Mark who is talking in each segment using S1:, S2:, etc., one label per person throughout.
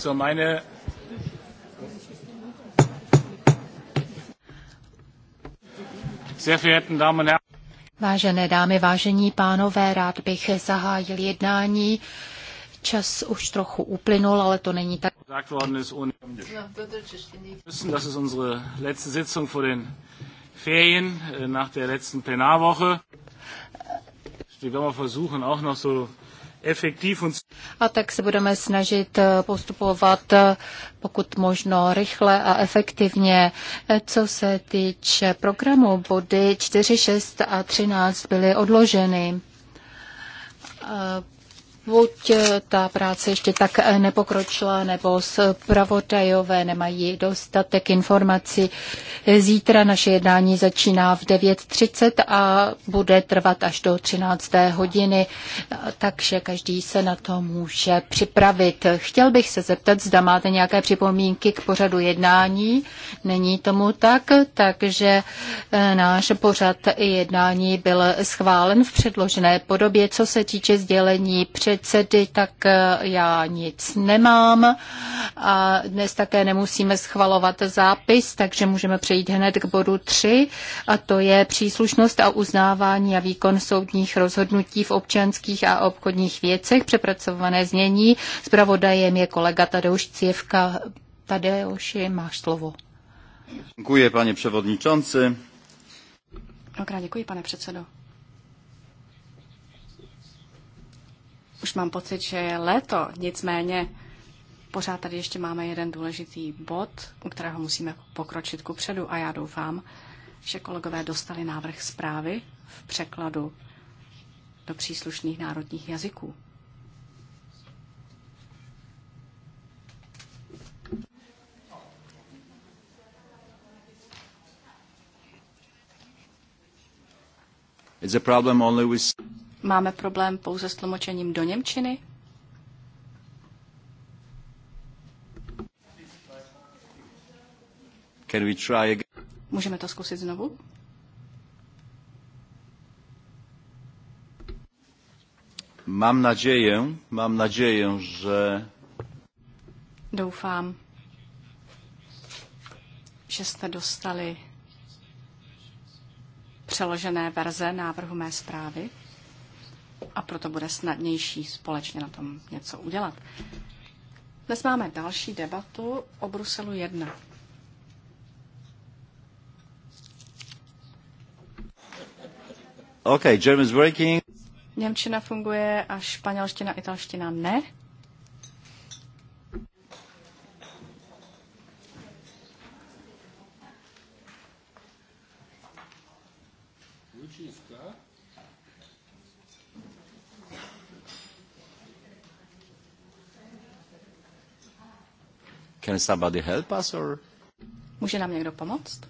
S1: So meine sehr verehrten Damen und Herren. Vážené dámy, vážení pánové, rád bych zahájil jednání. Čas už trochu uplynul, ale to není tak. Ferien äh, nach der letzten Plenarwoche. Wir werden versuchen, auch noch so a tak se budeme snažit eh, postupovat eh, pokud možno rychle a efektivně. Eh, co se týče programu, body 4, 6 a 13 byly odloženy buď eh, ta práce ještě tak eh, nepokročila, nebo zpravodajové nemají dostatek informací. Zítra naše jednání začíná v 9.30 a bude trvat až do 13. hodiny, takže každý se na to může připravit. Chtěl bych se zeptat, zda máte nějaké připomínky k pořadu jednání. Není tomu tak, takže eh, náš pořad jednání byl schválen v předložené podobě, co se týče sdělení před předsedy, tak eh, já nic nemám. A dnes také nemusíme schvalovat zápis, takže můžeme přejít hned k bodu 3, a to je příslušnost a uznávání a výkon soudních rozhodnutí v občanských a obchodních věcech, přepracované znění. Zpravodajem je kolega Tadeuš Cievka. Tadeuši, máš slovo. Děkuji, pane předsedající. Mnohokrát děkuji,
S2: pane předsedo. Už mám pocit, že je léto, nicméně pořád tady ještě máme jeden důležitý bod, u kterého musíme pokročit ku předu a já doufám, že kolegové dostali návrh zprávy v překladu do příslušných národních jazyků. It's a problem only with... Máme problém pouze s tlumočením do Němčiny? Can we try again? Můžeme to zkusit znovu?
S1: Mám naději, mám naději, že...
S2: Doufám, že jste dostali přeložené verze návrhu mé zprávy a proto bude snadnější společně na tom něco udělat. Dnes máme další debatu o Bruselu 1. Okay, German's working. Němčina funguje a španělština, italština ne.
S1: Can somebody help us or?
S2: Může nám někdo pomoct?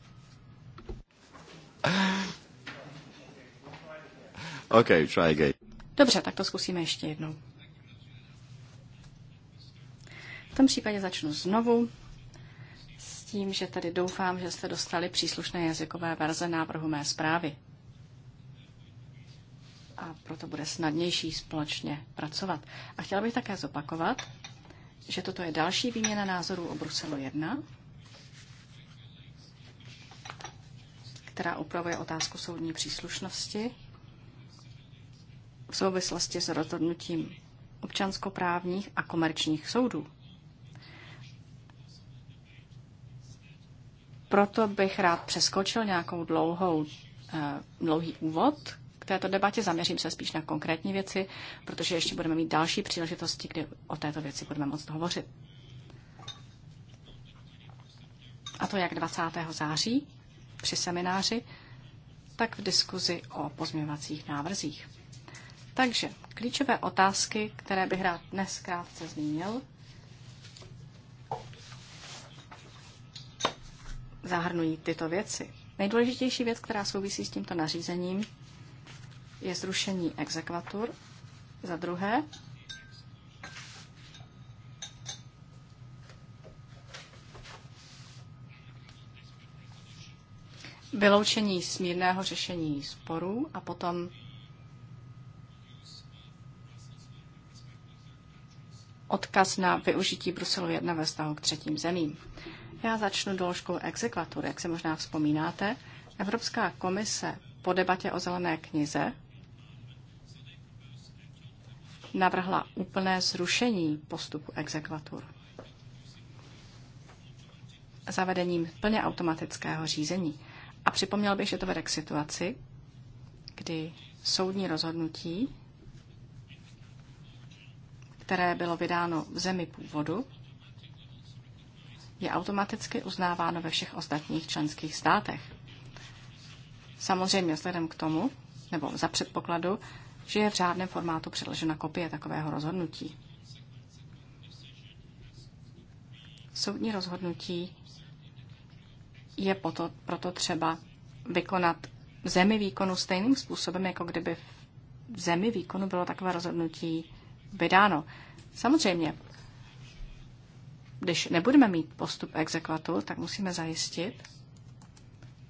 S2: Okay, try again. Dobře, tak to zkusíme ještě jednou. V tom případě začnu znovu s tím, že tady doufám, že jste dostali příslušné jazykové verze návrhu mé zprávy. A proto bude snadnější společně pracovat. A chtěla bych také zopakovat, že toto je další výměna názorů o Bruselu 1, která upravuje otázku soudní příslušnosti v souvislosti s rozhodnutím občanskoprávních a komerčních soudů. Proto bych rád přeskočil nějakou dlouhou, eh, dlouhý úvod této debatě, zaměřím se spíš na konkrétní věci, protože ještě budeme mít další příležitosti, kdy o této věci budeme moct hovořit. A to jak 20. září při semináři, tak v diskuzi o pozměňovacích návrzích. Takže klíčové otázky, které bych rád dnes krátce zmínil, zahrnují tyto věci. Nejdůležitější věc, která souvisí s tímto nařízením, je zrušení exekvatur. Za druhé, vyloučení smírného řešení sporů a potom odkaz na využití Bruselu 1 ve vztahu k třetím zemím. Já začnu doložkou exekvatury. Jak se možná vzpomínáte, Evropská komise po debatě o zelené knize navrhla úplné zrušení postupu exekvatur. Zavedením plně automatického řízení. A připomněl bych, že to vede k situaci, kdy soudní rozhodnutí, které bylo vydáno v zemi původu, je automaticky uznáváno ve všech ostatních členských státech. Samozřejmě vzhledem k tomu, nebo za předpokladu, že je v řádném formátu předložena kopie takového rozhodnutí. Soudní rozhodnutí je proto, proto třeba vykonat v zemi výkonu stejným způsobem, jako kdyby v zemi výkonu bylo takové rozhodnutí vydáno. Samozřejmě, když nebudeme mít postup exekvatu, tak musíme zajistit,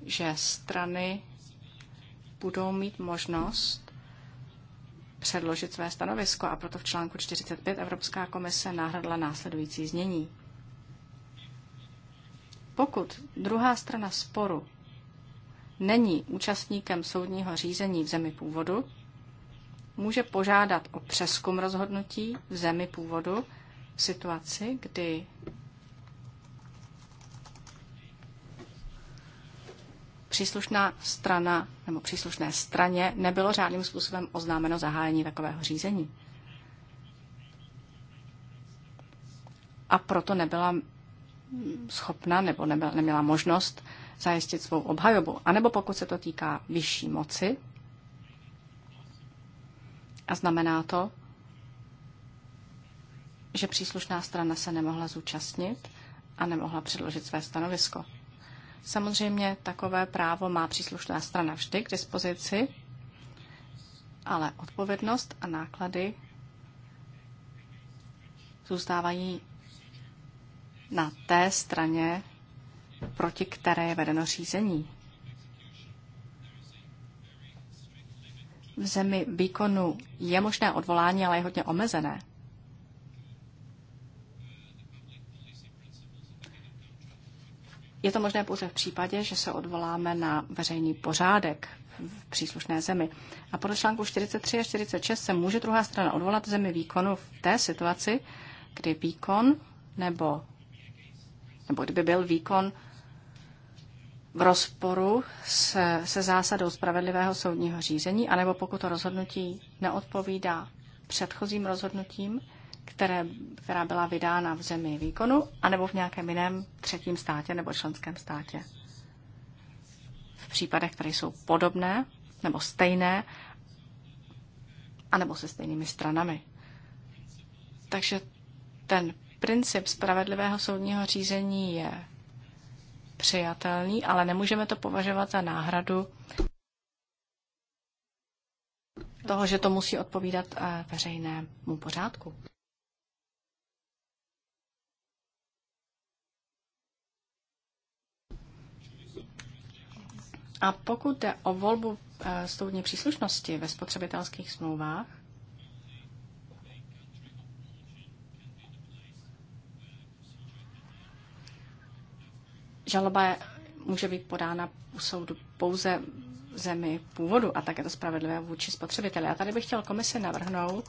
S2: že strany budou mít možnost předložit své stanovisko a proto v článku 45 Evropská komise nahradla následující znění. Pokud druhá strana sporu není účastníkem soudního řízení v zemi původu, může požádat o přeskum rozhodnutí v zemi původu v situaci, kdy příslušná strana nebo příslušné straně nebylo žádným způsobem oznámeno zahájení takového řízení. A proto nebyla schopna nebo nebyla, neměla možnost zajistit svou obhajobu. A nebo pokud se to týká vyšší moci, a znamená to, že příslušná strana se nemohla zúčastnit a nemohla předložit své stanovisko. Samozřejmě takové právo má příslušná strana vždy k dispozici, ale odpovědnost a náklady zůstávají na té straně, proti které je vedeno řízení. V zemi výkonu je možné odvolání, ale je hodně omezené. Je to možné pouze v případě, že se odvoláme na veřejný pořádek v příslušné zemi. A podle článku 43 a 46 se může druhá strana odvolat zemi výkonu v té situaci, kdy výkon nebo, nebo kdyby byl výkon v rozporu se, se zásadou spravedlivého soudního řízení, anebo pokud to rozhodnutí neodpovídá předchozím rozhodnutím, které, která byla vydána v zemi výkonu, anebo v nějakém jiném třetím státě nebo členském státě. V případech, které jsou podobné nebo stejné, anebo se stejnými stranami. Takže ten princip spravedlivého soudního řízení je přijatelný, ale nemůžeme to považovat za náhradu toho, že to musí odpovídat eh, veřejnému pořádku. A pokud jde o volbu eh, soudní příslušnosti ve spotřebitelských smlouvách, žaloba může být podána u soudu pouze zemi původu a tak je to spravedlivé vůči spotřebiteli. A tady bych chtěl komisi navrhnout,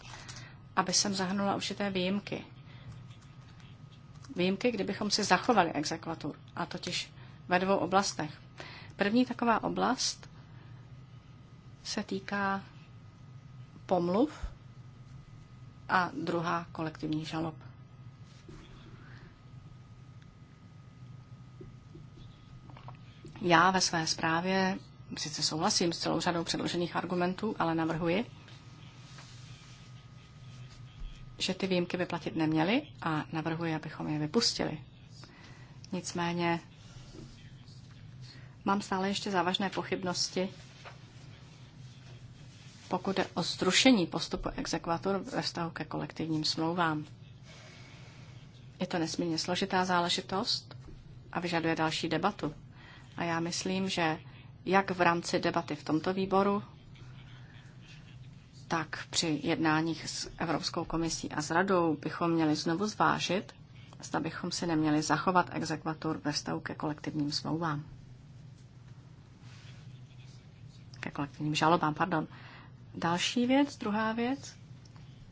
S2: aby jsem zahrnula určité výjimky. Výjimky, kdybychom si zachovali exekvatur, a totiž ve dvou oblastech. První taková oblast se týká pomluv a druhá kolektivní žalob. Já ve své zprávě sice souhlasím s celou řadou předložených argumentů, ale navrhuji, že ty výjimky vyplatit neměly a navrhuji, abychom je vypustili. Nicméně mám stále ještě závažné pochybnosti, pokud je o zrušení postupu exekvator ve vztahu ke kolektivním smlouvám. Je to nesmírně složitá záležitost a vyžaduje další debatu. A já myslím, že jak v rámci debaty v tomto výboru, tak při jednáních s Evropskou komisí a s radou bychom měli znovu zvážit, zda bychom si neměli zachovat exekvatur ve vztahu ke kolektivním smlouvám ke kolektivním žalobám, pardon. Další věc, druhá věc,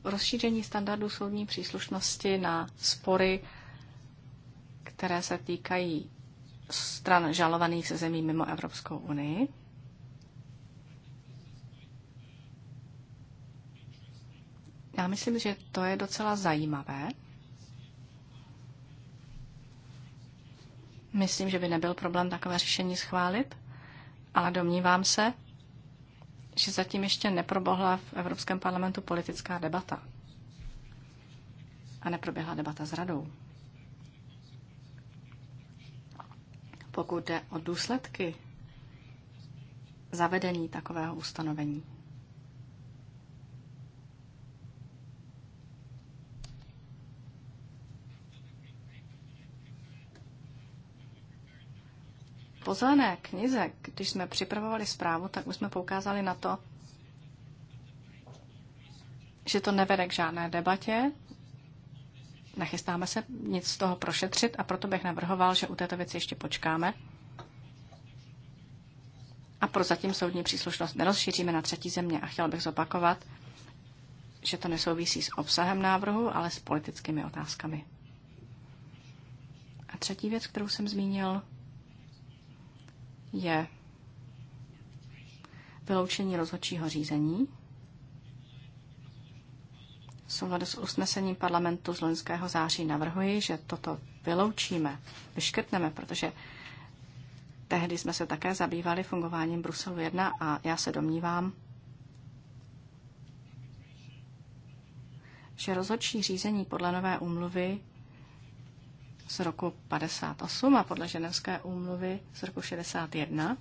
S2: rozšíření standardů soudní příslušnosti na spory, které se týkají stran žalovaných ze zemí mimo Evropskou unii. Já myslím, že to je docela zajímavé. Myslím, že by nebyl problém takové řešení schválit, ale domnívám se, že zatím ještě neprobohla v Evropském parlamentu politická debata. A neproběhla debata s radou. Pokud jde o důsledky zavedení takového ustanovení. po zelené knize, když jsme připravovali zprávu, tak už jsme poukázali na to, že to nevede k žádné debatě, nechystáme se nic z toho prošetřit a proto bych navrhoval, že u této věci ještě počkáme a pro zatím soudní příslušnost nerozšíříme na třetí země a chtěl bych zopakovat, že to nesouvisí s obsahem návrhu, ale s politickými otázkami. A třetí věc, kterou jsem zmínil, je vyloučení rozhodčího řízení v s usnesením parlamentu z loňského září navrhuji, že toto vyloučíme, vyškrtneme, protože tehdy jsme se také zabývali fungováním Bruselu 1 a já se domnívám, že rozhodčí řízení podle nové úmluvy z roku 58 a podle ženevské úmluvy z roku 61.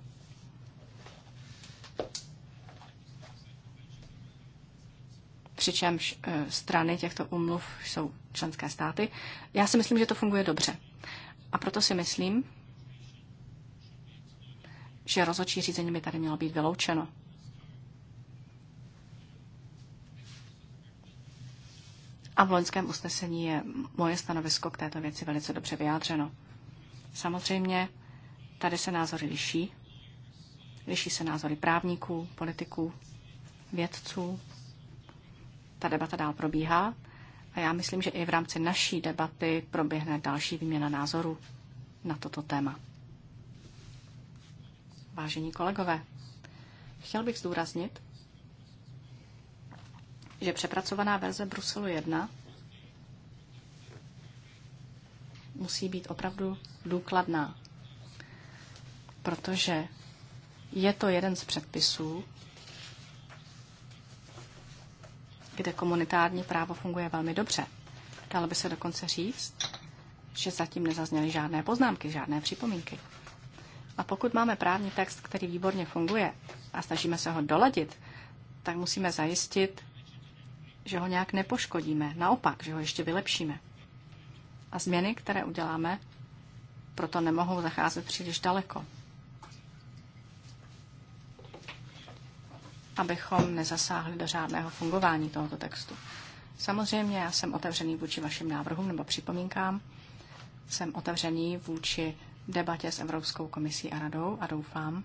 S2: Přičemž eh, strany těchto úmluv jsou členské státy. Já si myslím, že to funguje dobře. A proto si myslím, že rozhodčí řízení by tady mělo být vyloučeno. A v loňském usnesení je moje stanovisko k této věci velice dobře vyjádřeno. Samozřejmě tady se názory liší. Liší se názory právníků, politiků, vědců. Ta debata dál probíhá a já myslím, že i v rámci naší debaty proběhne další výměna názorů na toto téma. Vážení kolegové, chtěl bych zdůraznit, že přepracovaná verze Bruselu 1 musí být opravdu důkladná, protože je to jeden z předpisů, kde komunitární právo funguje velmi dobře. Dalo by se dokonce říct, že zatím nezazněly žádné poznámky, žádné připomínky. A pokud máme právní text, který výborně funguje a snažíme se ho doladit, tak musíme zajistit, že ho nějak nepoškodíme, naopak, že ho ještě vylepšíme. A změny, které uděláme, proto nemohou zacházet příliš daleko. Abychom nezasáhli do řádného fungování tohoto textu. Samozřejmě já jsem otevřený vůči vašim návrhům nebo připomínkám. Jsem otevřený vůči debatě s Evropskou komisí a radou a doufám,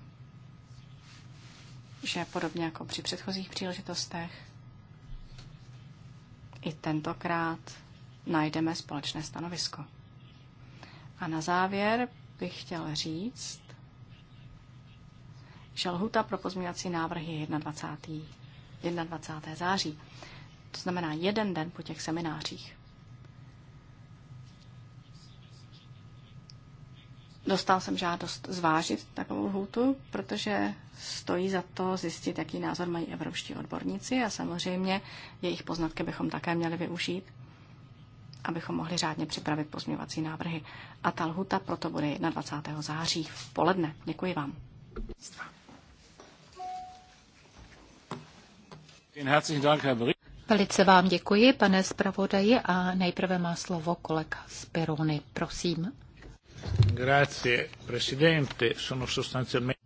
S2: že podobně jako při předchozích příležitostech i tentokrát najdeme společné stanovisko. A na závěr bych chtěl říct, že lhuta pro pozměňovací návrhy je 21. 21. září. To znamená jeden den po těch seminářích. Dostal jsem žádost zvážit takovou lhůtu, protože stojí za to zjistit, jaký názor mají evropští odborníci a samozřejmě jejich poznatky bychom také měli využít, abychom mohli řádně připravit pozměňovací návrhy. A ta lhuta proto bude 21.
S1: září v poledne. Děkuji vám. Velice vám děkuji, pane zpravodaji, a nejprve má slovo kolega z Perony. Prosím.
S3: Grazie, presidente. Sono sostanzialmente...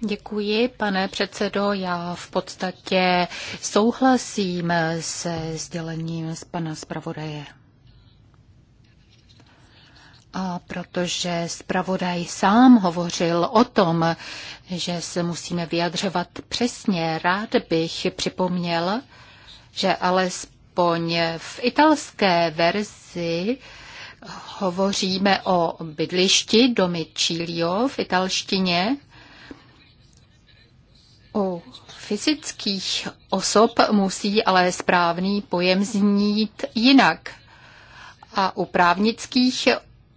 S1: Děkuji, pane předsedo. Já v podstatě souhlasím se sdělením z pana zpravodaje. A protože zpravodaj sám hovořil o tom, že se musíme vyjadřovat přesně, rád bych připomněl, že alespoň v italské verzi hovoříme o bydlišti domy Čílio v italštině, u fyzických osob musí ale správný pojem znít jinak. A u právnických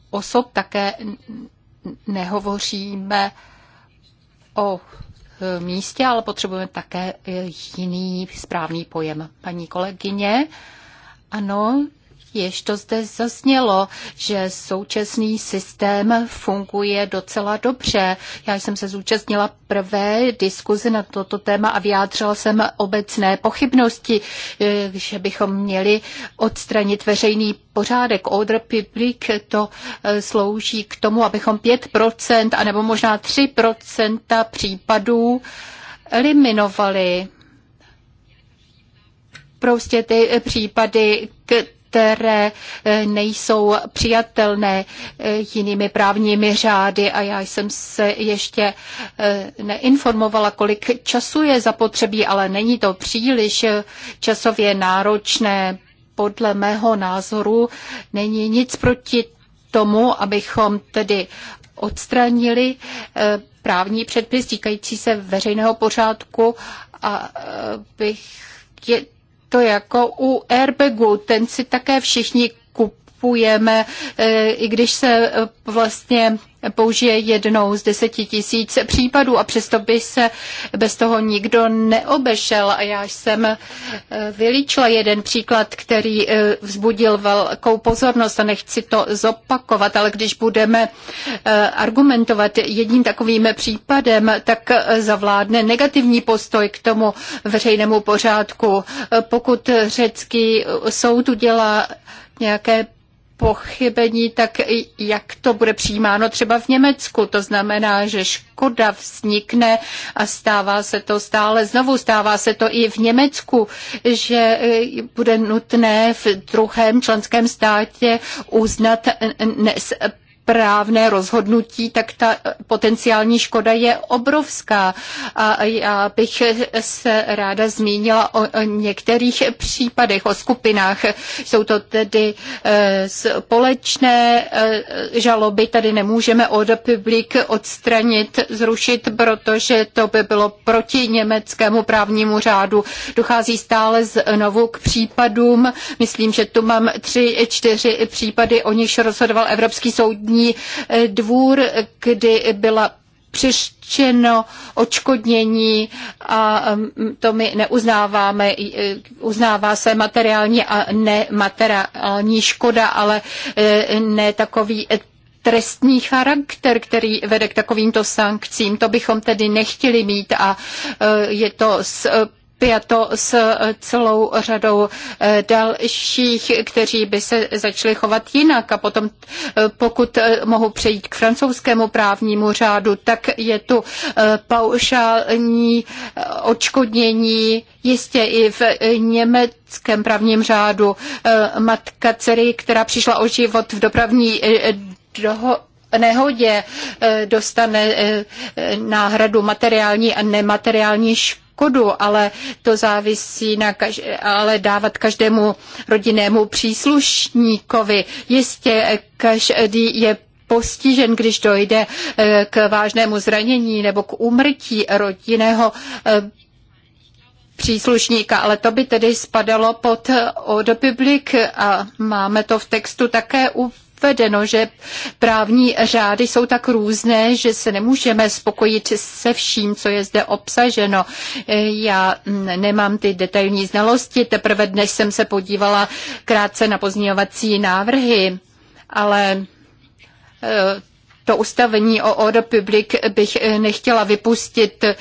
S1: osob také nehovoříme o e, místě, ale potřebujeme také e, jiný správný pojem. Paní kolegyně, ano, Jež to zde zaznělo, že současný systém funguje docela dobře. Já jsem se zúčastnila prvé diskuze na toto téma a vyjádřila jsem obecné pochybnosti, eh, že bychom měli odstranit veřejný pořádek. Order public to eh, slouží k tomu, abychom 5% a nebo možná 3% případů eliminovali prostě ty případy, které eh, nejsou přijatelné eh, jinými právními řády a já jsem se ještě eh, neinformovala, kolik času je zapotřebí, ale není to příliš časově náročné. Podle mého názoru není nic proti tomu, abychom tedy odstranili právní předpis týkající se veřejného pořádku a bych to jako u airbagu, ten si také všichni kupujeme, eh, i když se eh, vlastně použije jednou z deseti tisíc případů a přesto by se bez toho nikdo neobešel. A já jsem eh, vylíčila jeden příklad, který eh, vzbudil velkou pozornost a nechci to zopakovat, ale když budeme eh, argumentovat jedním takovým případem, tak zavládne negativní postoj k tomu veřejnému pořádku. Pokud řecký soud udělá nějaké pochybení, tak jak to bude přijímáno třeba v Německu. To znamená, že škoda vznikne a stává se to stále znovu, stává se to i v Německu, že eh, bude nutné v druhém členském státě uznat správné rozhodnutí, tak ta potenciální škoda je obrovská. A já bych se ráda zmínila o některých případech, o skupinách. Jsou to tedy eh, společné eh, žaloby, tady nemůžeme od publik odstranit, zrušit, protože to by bylo proti německému právnímu řádu. Dochází stále znovu k případům. Myslím, že tu mám tři, čtyři případy, o nichž rozhodoval Evropský soudní soudní eh, dvůr, kdy byla přištěno očkodnění a mm, to my neuznáváme. Eh, uznává se materiální a nemateriální škoda, ale eh, ne takový trestní charakter, který vede k takovýmto sankcím. To bychom tedy nechtěli mít a je to s spjato s eh, celou řadou eh, dalších, kteří by se začali chovat jinak. A potom, eh, pokud mohu přejít k francouzskému právnímu řádu, tak je tu paušální odškodnění jistě i v německém právním řádu matka dcery, která přišla o život v dopravní doho- nehodě eh, dostane eh, náhradu materiální a nemateriální škodu, ale to závisí na kaž- ale dávat každému rodinnému příslušníkovi. Jistě eh, každý je postižen, když dojde k vážnému zranění nebo k úmrtí rodinného příslušníka, ale to by tedy spadalo pod Odo a máme to v textu také u uvedeno, že právní řády jsou tak různé, že se nemůžeme spokojit se vším, co je zde obsaženo. Já nemám ty detailní znalosti, teprve dnes jsem se podívala krátce na pozměňovací návrhy, ale eh, to ustavení o order public bych eh, nechtěla vypustit eh,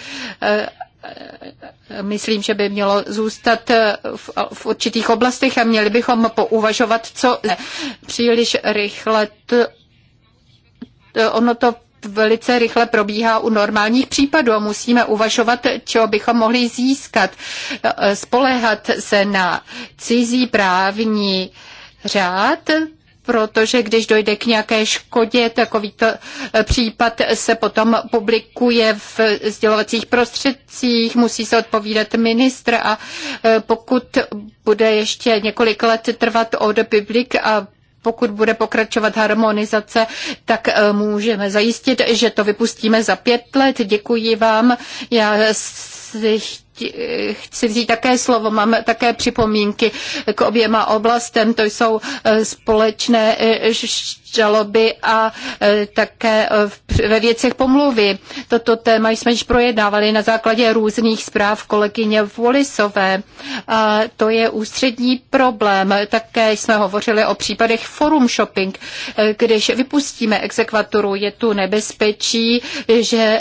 S1: myslím, že by mělo zůstat v, v určitých oblastech a měli bychom pouvažovat, co příliš rychle. T, t, ono to velice rychle probíhá u normálních případů a musíme uvažovat, čeho bychom mohli získat. Spolehat se na cizí právní řád, protože když dojde k nějaké škodě, to, e, případ se potom publikuje v sdělovacích prostředcích, musí se odpovídat ministr a e, pokud bude ještě několik let trvat od publik a pokud bude pokračovat harmonizace, tak e, můžeme zajistit, že to vypustíme za pět let. Děkuji vám. Já si chci vzít také slovo, máme také připomínky k oběma oblastem, to jsou eh, společné eh, žaloby a eh, také ve věcech pomluvy. Toto téma jsme již projednávali na základě různých zpráv kolegyně Volisové. A to je ústřední problém. Také jsme hovořili o případech forum shopping. Když vypustíme exekvaturu, je tu nebezpečí, že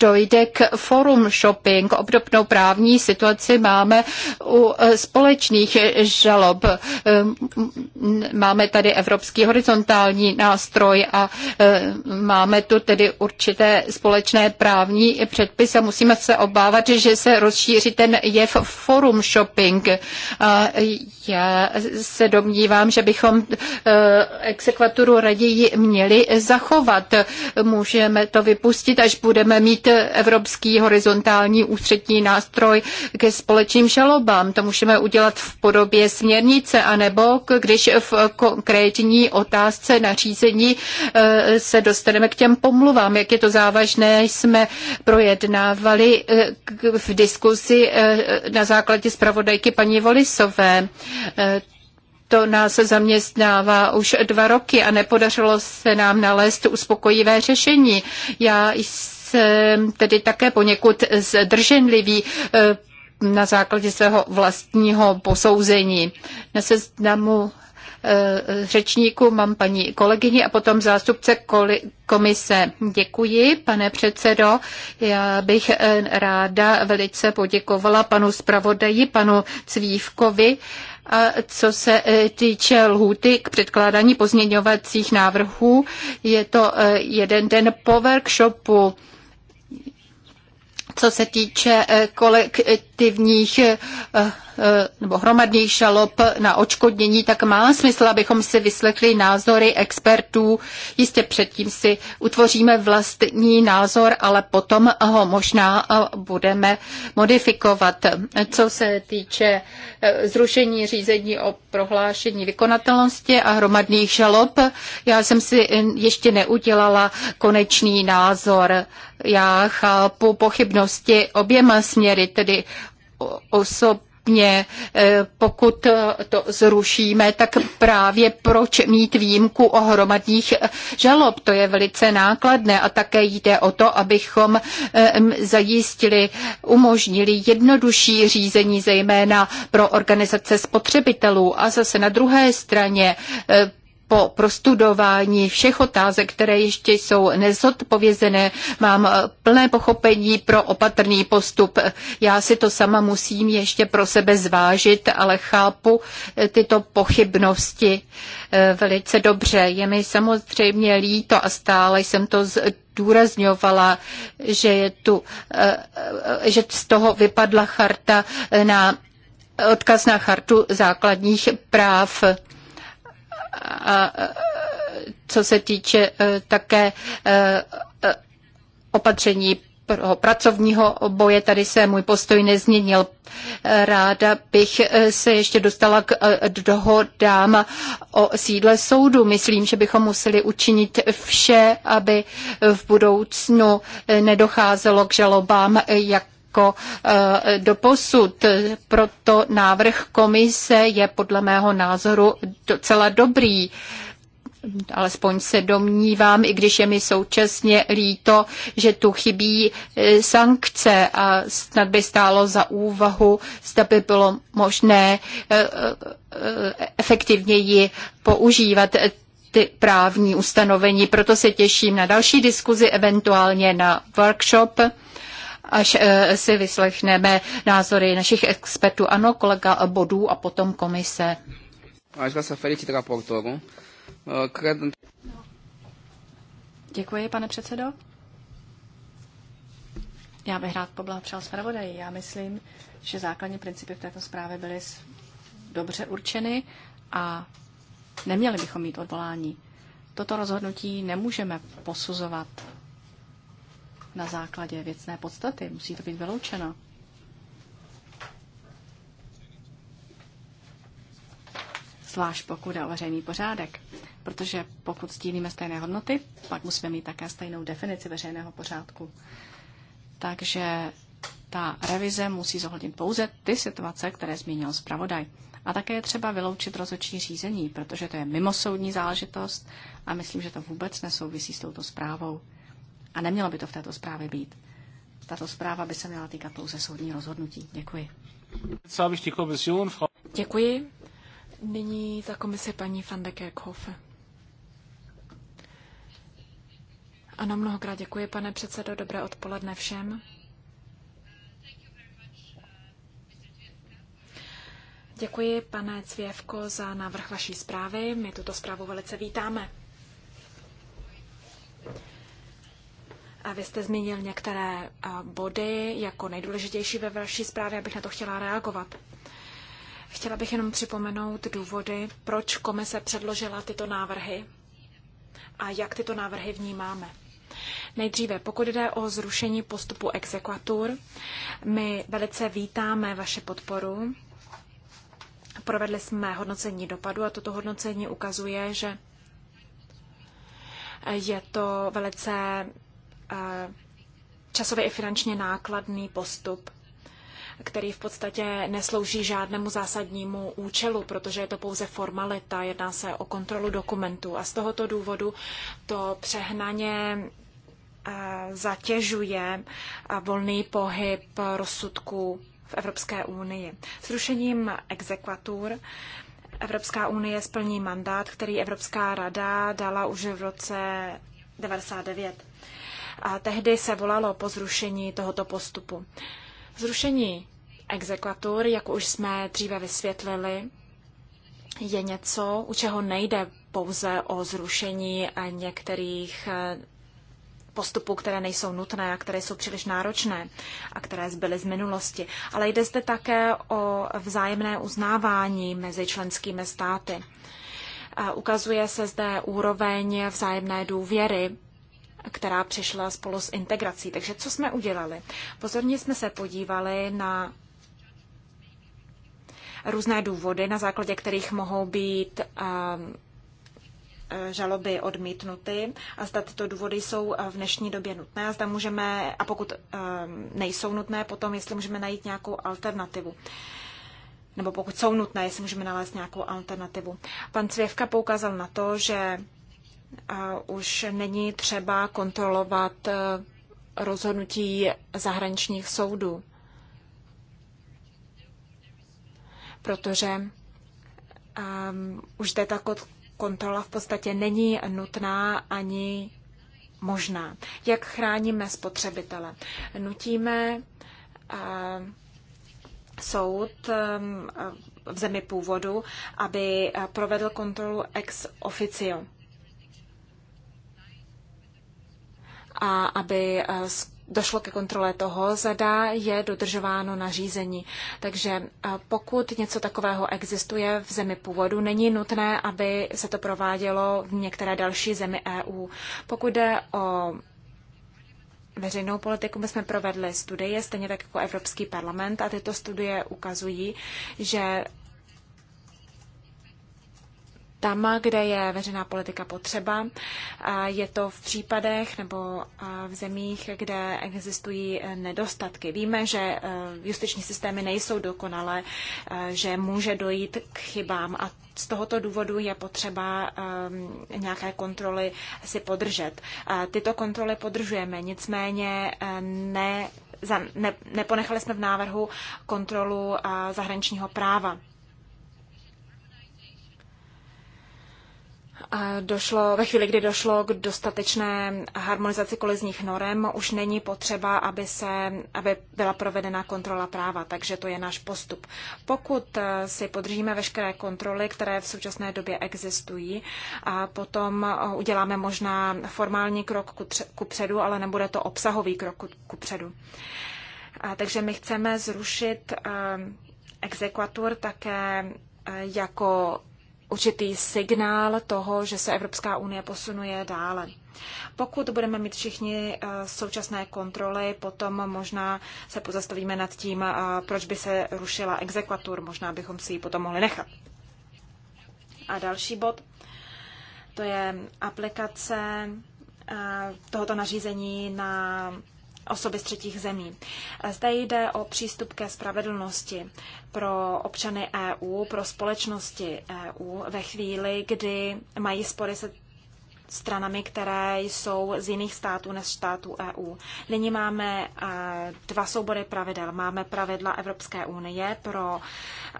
S1: dojde k forum shopping. Obdobnou právní situaci máme u eh, společných žalob. Eh, máme tady Evropský horizontální nástroj a eh, máme tu tedy určité společné právní předpisy a musíme se obávat, že se rozšíří ten jev forum shopping. A já se domnívám, že bychom exekvaturu raději měli zachovat. Můžeme to vypustit, až budeme mít evropský horizontální ústřední nástroj ke společným žalobám. To můžeme udělat v podobě směrnice, anebo když v konkrétní otázce nařízení eh, se dostaneme k těm pomluvám, jak je to závažné, jsme projednávali eh, v diskusi eh, na základě zpravodajky paní Volisové to nás zaměstnává už dva roky a nepodařilo se nám nalézt uspokojivé řešení. Já jsem jsem eh, tedy také poněkud zdrženlivý eh, na základě svého vlastního posouzení. Na seznamu eh, řečníku mám paní kolegyni a potom zástupce komise. Děkuji, pane předsedo. Já bych ráda velice poděkovala panu zpravodaji, panu Cvívkovi. A co se týče lhůty k předkládání pozměňovacích návrhů, je to jeden den po workshopu. Co se týče eh, kolek kolektivních eh, eh, nebo hromadných žalob na očkodnění, tak má smysl, abychom si vyslechli názory expertů. Jistě předtím si utvoříme vlastní názor, ale potom ho možná eh, budeme modifikovat. Co se týče zrušení řízení o prohlášení vykonatelnosti a hromadných žalob, já jsem si ještě neudělala konečný názor. Já chápu pochybnosti oběma směry, tedy osobně eh, pokud to zrušíme, tak právě proč mít výjimku o hromadních žalob? To je velice nákladné a také jde o to, abychom zajistili, umožnili jednodušší řízení, zejména pro organizace spotřebitelů. A zase na druhé straně eh, po prostudování všech otázek, které ještě jsou nezodpovězené, mám plné pochopení pro opatrný postup. Já si to sama musím ještě pro sebe zvážit, ale chápu eh, tyto pochybnosti eh, velice dobře. Je mi samozřejmě líto a stále jsem to z důrazňovala, že, je tu, eh, že z toho vypadla charta na odkaz na chartu základních práv a co se týče e, také e, e, opatření pro pracovního boje, tady se můj postoj nezměnil. Ráda bych se ještě dostala k dohodám o sídle soudu. Myslím, že bychom museli učinit vše, aby v budoucnu nedocházelo k žalobám, jak jako eh, do posud. Proto návrh komise je podle mého názoru docela dobrý alespoň se domnívám, i když je mi současně líto, že tu chybí eh, sankce a snad by stálo za úvahu, zda by bylo možné eh, efektivněji používat ty právní ustanovení. Proto se těším na další diskuzi, eventuálně na workshop až eh, si vyslechneme názory našich expertů. Ano, kolega Bodů a potom komise.
S3: Eh,
S1: Děkuji, pane
S2: předsedo. Já bych rád poblahopřál zpravodaji. Já myslím, že základní principy v této zprávě byly dobře určeny a neměli bychom mít odvolání. Toto rozhodnutí nemůžeme posuzovat na základě věcné podstaty. Musí to být vyloučeno. Zvlášť pokud je o veřejný pořádek. Protože pokud sdílíme stejné hodnoty, pak musíme mít také stejnou definici veřejného pořádku. Takže ta revize musí zohlednit pouze ty situace, které zmínil zpravodaj. A také je třeba vyloučit rozhodčí řízení, protože to je mimosoudní záležitost a myslím, že to vůbec nesouvisí s touto zprávou. A nemělo by to v této zprávě být. Tato zpráva by se měla týkat pouze soudní rozhodnutí. Děkuji.
S3: Děkuji. Nyní za komise paní van de Kerkhofe. Ano, mnohokrát děkuji, pane předsedo. Dobré odpoledne všem. Děkuji, pane Cvěvko, za návrh vaší zprávy. My tuto zprávu velice vítáme. A vy jste zmínil některé body jako nejdůležitější ve vaší zprávě, abych na to chtěla reagovat. Chtěla bych jenom připomenout důvody, proč komise předložila tyto návrhy a jak tyto návrhy vnímáme. Nejdříve, pokud jde o zrušení postupu exekvatur, my velice vítáme vaše podporu. Provedli jsme hodnocení dopadu a toto hodnocení ukazuje, že je to velice časově i finančně nákladný postup, který v podstatě neslouží žádnému zásadnímu účelu, protože je to pouze formalita, jedná se o kontrolu dokumentů. A z tohoto důvodu to přehnaně eh, zatěžuje eh, volný pohyb rozsudků v Evropské unii. S rušením exekvatur Evropská unie splní mandát, který Evropská rada dala už v roce 99. A tehdy se volalo po zrušení tohoto postupu. Zrušení exekvatur, jak už jsme dříve vysvětlili, je něco, u čeho nejde pouze o zrušení některých eh, postupů, které nejsou nutné a které jsou příliš náročné a které zbyly z minulosti. Ale jde zde také o vzájemné uznávání mezi členskými státy. Ukazuje se zde úroveň vzájemné důvěry která přišla spolu s integrací. Takže co jsme udělali? Pozorně jsme se podívali na různé důvody, na základě kterých mohou být ehm, e, žaloby odmítnuty a zda tyto důvody jsou e, v dnešní době nutné a zda můžeme, a pokud ehm, nejsou nutné, potom jestli můžeme najít nějakou alternativu nebo pokud jsou nutné, jestli můžeme nalézt nějakou alternativu. Pan Cvěvka poukázal na to, že už není třeba kontrolovat eh, rozhodnutí zahraničních soudů, protože um, už zde ta kontrola v podstatě není nutná ani možná. Jak chráníme spotřebitele? Nutíme ehm, soud um, v zemi původu, aby eh, provedl kontrolu ex officio. a aby eh, došlo ke kontrole toho, zda je dodržováno nařízení. Takže eh, pokud něco takového existuje v zemi původu, není nutné, aby se to provádělo v některé další zemi EU. Pokud jde o veřejnou politiku, my jsme provedli studie, stejně tak jako Evropský parlament, a tyto studie ukazují, že tam, kde je veřejná politika potřeba. Je to v případech nebo v zemích, kde existují e, nedostatky. Víme, že e, justiční systémy nejsou dokonalé, e, že může dojít k chybám a z tohoto důvodu je potřeba nějaké kontroly si podržet. Tyto kontroly podržujeme, nicméně ne, ne, neponechali jsme v návrhu kontrolu zahraničního práva. došlo, ve chvíli, kdy došlo k dostatečné harmonizaci kolizních norem, už není potřeba, aby, se, aby byla provedena kontrola práva, takže to je náš postup. Pokud eh, si podržíme veškeré kontroly, které v současné době existují, a potom eh, uděláme možná formální krok ku, tře, ku předu, ale nebude to obsahový krok ku, ku předu. A, takže my chceme zrušit eh, exekvatur také jako určitý signál toho, že se Evropská unie posunuje dále. Pokud budeme mít všichni eh, současné kontroly, potom možná se pozastavíme nad tím, eh, proč by se rušila exekvatur. Možná bychom si ji potom mohli nechat. A další bod, to je aplikace eh, tohoto nařízení na osoby z třetích zemí. Zde jde o přístup ke spravedlnosti pro občany EU, pro společnosti EU ve chvíli, kdy mají spory se stranami, které jsou z jiných států než států EU. Nyní máme eh, dva soubory pravidel. Máme pravidla Evropské unie pro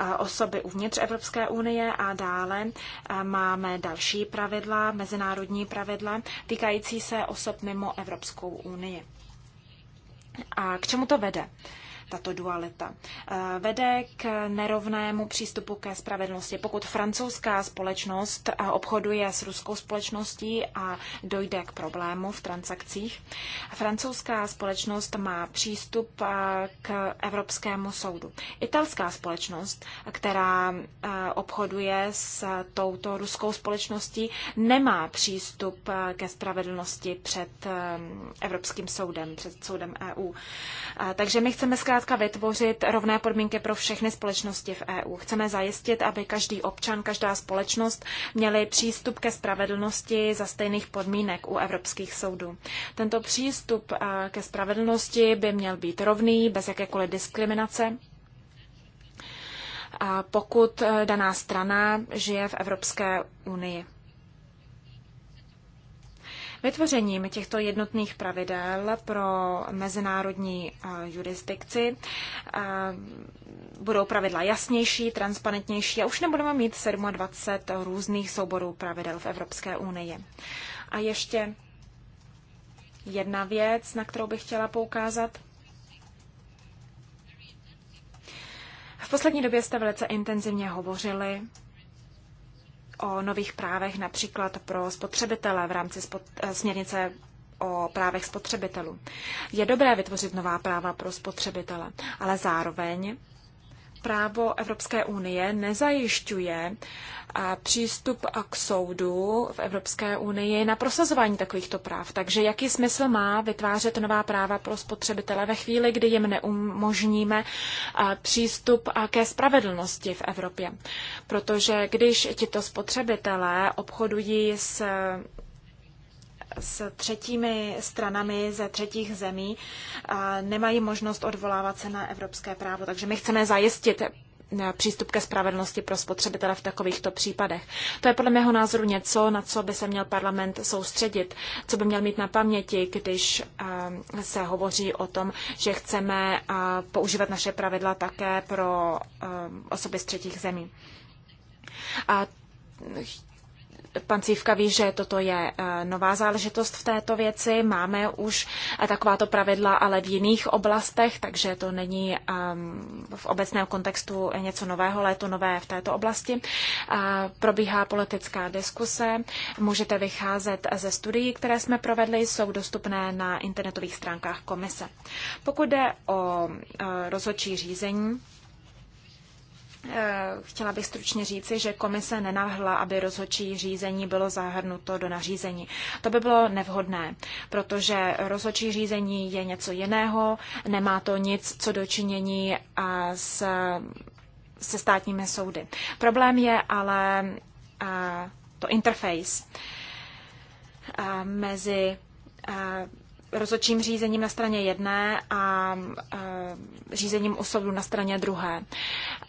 S3: eh, osoby uvnitř Evropské unie a dále eh, máme další pravidla, mezinárodní pravidla, týkající se osob mimo Evropskou unii. A k čemu to vede? tato dualita. Eh, vede k nerovnému přístupu ke spravedlnosti. Pokud francouzská společnost eh, obchoduje s ruskou společností a dojde k problému v transakcích, francouzská společnost má přístup eh, k Evropskému soudu. Italská společnost, která obchoduje s touto ruskou společností, nemá přístup ke spravedlnosti před Evropským soudem, před soudem EU. Takže my chceme zkrátka zkrátka vytvořit rovné podmínky pro všechny společnosti v EU. Chceme zajistit, aby každý občan, každá společnost měli přístup ke spravedlnosti za stejných podmínek u evropských soudů. Tento přístup eh, ke spravedlnosti by měl být rovný, bez jakékoliv diskriminace. A pokud eh, daná strana žije v Evropské unii. Vytvořením těchto jednotných pravidel pro mezinárodní eh, jurisdikci eh, budou pravidla jasnější, transparentnější a už nebudeme mít 27 různých souborů pravidel v Evropské unii. A ještě jedna věc, na kterou bych chtěla poukázat. V poslední době jste velice intenzivně hovořili o nových právech například pro spotřebitele v rámci spot, eh, směrnice o právech spotřebitelů. Je dobré vytvořit nová práva pro spotřebitele, ale zároveň právo Evropské unie nezajišťuje přístup k soudu v Evropské unii na prosazování takovýchto práv. Takže jaký smysl má vytvářet nová práva pro spotřebitele ve chvíli, kdy jim neumožníme přístup ke spravedlnosti v Evropě? Protože když tito spotřebitelé obchodují s s třetími stranami ze třetích zemí nemají možnost odvolávat se na evropské právo. Takže my chceme zajistit eh, přístup ke spravedlnosti pro spotřebitele v takovýchto případech. To je podle mého názoru něco, na co by se měl parlament soustředit, co by měl mít na paměti, když eh, se hovoří o tom, že chceme eh, používat naše pravidla také pro osoby z třetích zemí. A Pan Cívka ví, že toto je eh, nová záležitost v této věci. Máme už eh, takováto pravidla, ale v jiných oblastech, takže to není ehm, v obecném kontextu něco nového, ale je to nové v této oblasti. Eh, probíhá politická diskuse. Můžete vycházet ze studií, které jsme provedli, jsou dostupné na internetových stránkách komise. Pokud jde o rozhodčí řízení, Eh, chtěla bych stručně říci, že komise nenavhla, aby rozhodčí řízení bylo zahrnuto do nařízení. To by bylo nevhodné, protože rozhodčí řízení je něco jiného, nemá to nic co dočinění eh, s, se státními soudy. Problém je ale eh, to interface mezi rozhodčím řízením na straně jedné a řízením u soudu na straně druhé.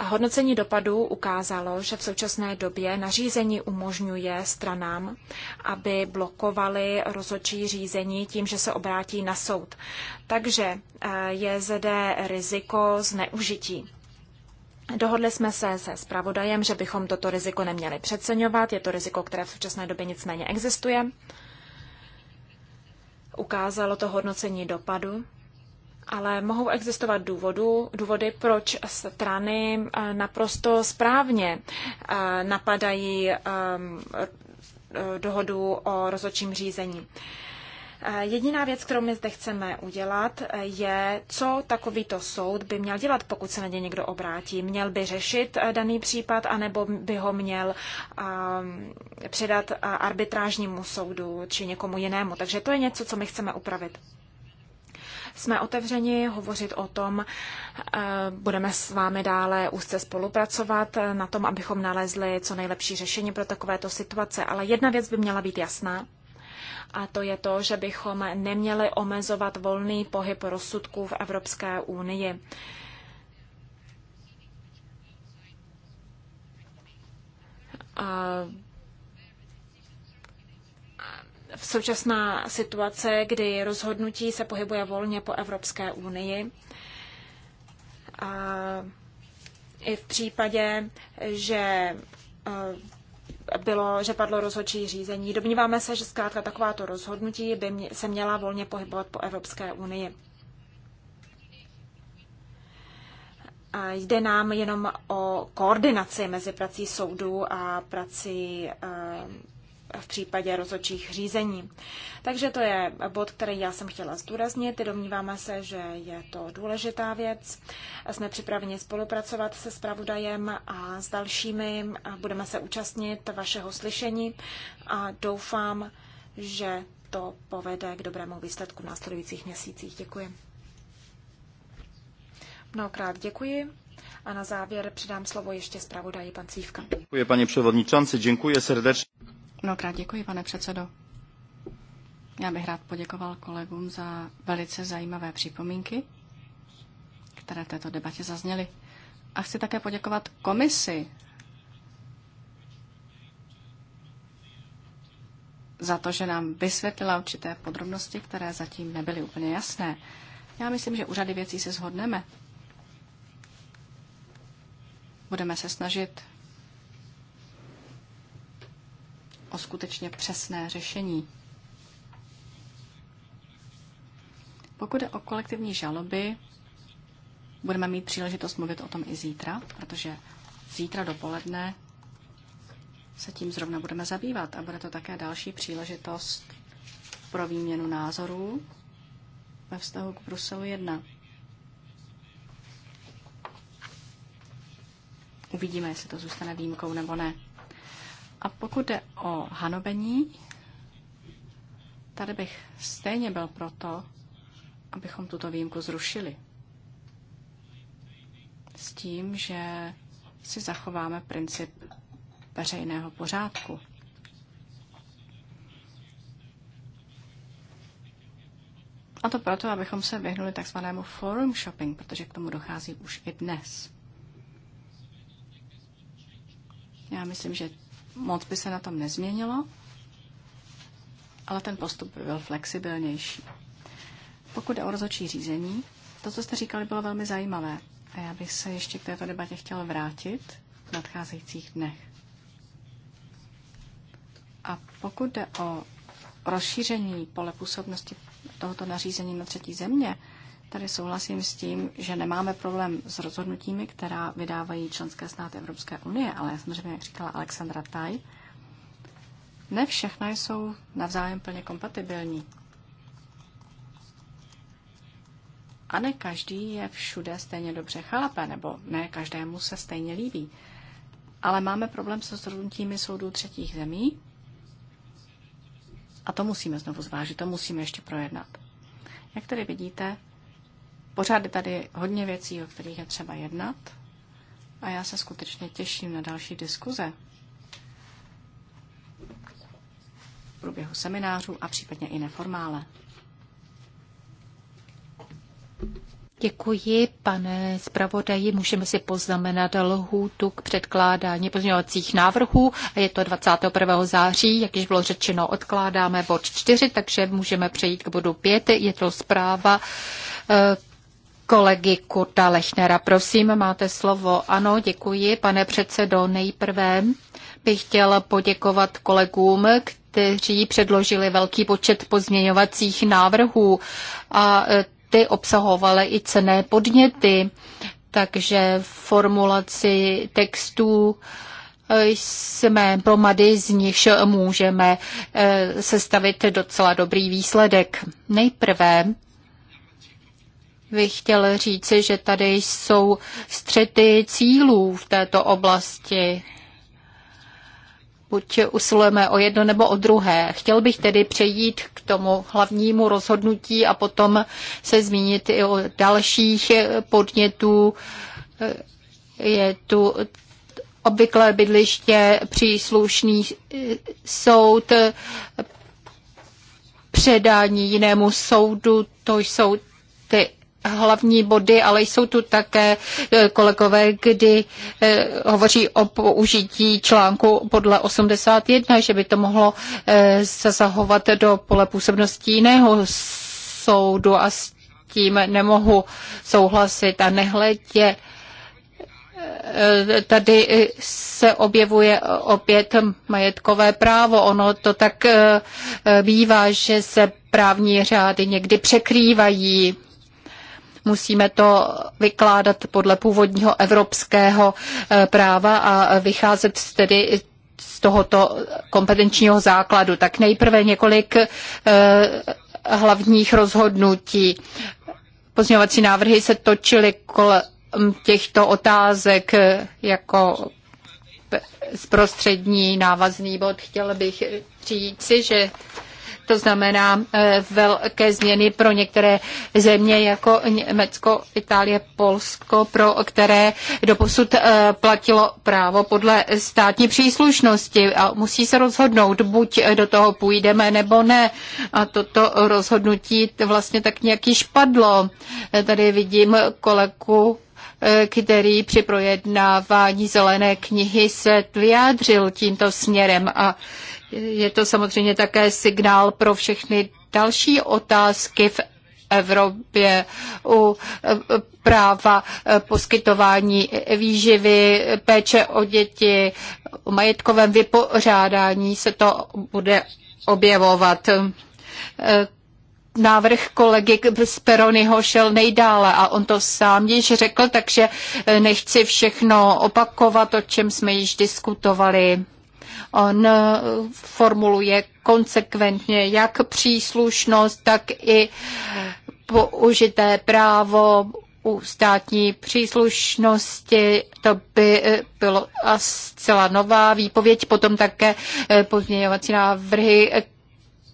S3: Hodnocení dopadů ukázalo, že v současné době nařízení umožňuje stranám, aby blokovali rozhodčí řízení tím, že se obrátí na soud. Takže e, je zde riziko zneužití. Dohodli jsme se se zpravodajem, že bychom toto riziko neměli přeceňovat. Je to riziko, které v současné době nicméně existuje ukázalo to hodnocení dopadu, ale mohou existovat důvodu, důvody, proč strany eh, naprosto správně eh, napadají ehm, eh, dohodu o rozhodčím řízení. Jediná věc, kterou my zde chceme udělat, je, co takovýto soud by měl dělat, pokud se na ně někdo obrátí. Měl by řešit eh, daný případ, anebo by ho měl ehm, předat eh, arbitrážnímu soudu či někomu jinému. Takže to je něco, co my chceme upravit jsme otevřeni hovořit o tom, eh, budeme s vámi dále úzce spolupracovat na tom, abychom nalezli co nejlepší řešení pro takovéto situace, ale jedna věc by měla být jasná a to je to, že bychom neměli omezovat volný pohyb rozsudků v Evropské unii. A v současná situace, kdy rozhodnutí se pohybuje volně po Evropské unii, a i v případě, že bylo, že padlo rozhodčí řízení. Domníváme se, že zkrátka takováto rozhodnutí by se měla volně pohybovat po Evropské unii. A jde nám jenom o koordinaci mezi prací soudu a prací eh, v případě rozhodčích řízení. Takže to je bod, který já jsem chtěla zdůraznit. Domníváme se, že je to důležitá věc. Jsme připraveni spolupracovat se spravodajem a s dalšími. Budeme se účastnit vašeho slyšení a doufám, že to povede k dobrému výsledku v následujících měsících. Děkuji. Mnohokrát děkuji. A na závěr předám slovo ještě zpravodaji pan Cívka.
S1: Děkuji, paní předsedající, děkuji srdečně.
S2: Mnohokrát děkuji, pane předsedo.
S3: Já bych rád poděkoval kolegům
S2: za velice zajímavé připomínky, které v této debatě zazněly. A chci také poděkovat komisi za to, že nám vysvětlila určité podrobnosti, které zatím nebyly úplně jasné. Já myslím, že u řady věcí se shodneme. Budeme se snažit o skutečně přesné řešení. Pokud je o kolektivní žaloby, budeme mít příležitost mluvit o tom i zítra, protože zítra dopoledne se tím zrovna budeme zabývat a bude to také další příležitost pro výměnu názorů ve vztahu k Bruselu 1. Uvidíme, jestli to zůstane výjimkou nebo ne. A pokud jde o hanobení, tady bych stejně byl proto, abychom tuto výjimku zrušili. S tím, že si zachováme princip veřejného pořádku. A to proto, abychom se vyhnuli takzvanému forum shopping, protože k tomu dochází už i dnes. Já myslím, že Moc by se na tom nezměnilo, ale ten postup by byl flexibilnější. Pokud jde o rozhodčí řízení, to, co jste říkali, bylo velmi zajímavé. A já bych se ještě k této debatě chtěl vrátit v nadcházejících dnech. A pokud jde o rozšíření pole působnosti tohoto nařízení na třetí země, Tady souhlasím s tím, že nemáme problém s rozhodnutími, která vydávají členské státy Evropské unie, ale samozřejmě, jak říkala Alexandra Taj, ne všechna jsou navzájem plně kompatibilní. A ne každý je všude stejně dobře chápe, nebo ne každému se stejně líbí. Ale máme problém se rozhodnutími soudů třetích zemí a to musíme znovu zvážit, to musíme ještě projednat. Jak tedy vidíte, Pořád je tady hodně věcí, o kterých je třeba jednat a já se skutečně těším na další diskuze v průběhu seminářů a případně i neformále.
S1: Děkuji, pane zpravodaji. Můžeme si poznamenat lhůtu k předkládání pozměňovacích návrhů. Je to 21. září, jak již bylo řečeno, odkládáme bod 4, takže můžeme přejít k bodu 5. Je to zpráva eh, kolegy Kurta Lechnera. Prosím, máte slovo. Ano, děkuji, pane předsedo. Nejprve bych chtěl poděkovat kolegům, kteří předložili velký počet pozměňovacích návrhů a e, ty obsahovaly i cené podněty, takže formulaci textů e, jsme pro z nichž můžeme e, sestavit docela dobrý výsledek. Nejprve bych chtěl říci, že tady jsou střety cílů v této oblasti. Buď usilujeme o jedno nebo o druhé. Chtěl bych tedy přejít k tomu hlavnímu rozhodnutí a potom se zmínit i o dalších podnětů. Je tu obvyklé bydliště, příslušný soud, předání jinému soudu, to jsou ty hlavní body, ale jsou tu také e, kolegové, kdy e, hovoří o použití článku podle 81, že by to mohlo e, zasahovat do pole působnosti jiného soudu a s tím nemohu souhlasit a nehledě tady se objevuje opět majetkové právo. Ono to tak bývá, že se právní řády někdy překrývají. Musíme to vykládat podle původního evropského eh, práva a vycházet tedy z tohoto kompetenčního základu. Tak nejprve několik eh, hlavních rozhodnutí. Pozměňovací návrhy se točily kolem těchto otázek eh, jako zprostřední návazný bod. Chtěl bych říci, že to znamená eh, velké změny pro některé země jako Německo, Itálie, Polsko, pro které doposud eh, platilo právo podle státní příslušnosti a musí se rozhodnout, buď eh, do toho půjdeme nebo ne. A toto rozhodnutí vlastně tak nějak již padlo. Tady vidím kolegu který při projednávání zelené knihy se vyjádřil tímto směrem a je to samozřejmě také signál pro všechny další otázky v Evropě u e, práva e, poskytování výživy, péče o děti, o majetkovém vypořádání se to bude objevovat. E, návrh kolegy z Peronyho šel nejdále a on to sám již řekl, takže nechci všechno opakovat, o čem jsme již diskutovali. On eh, formuluje konsekventně jak příslušnost, tak i použité právo u státní příslušnosti. To by eh, bylo zcela nová výpověď. Potom také eh, pozměňovací návrhy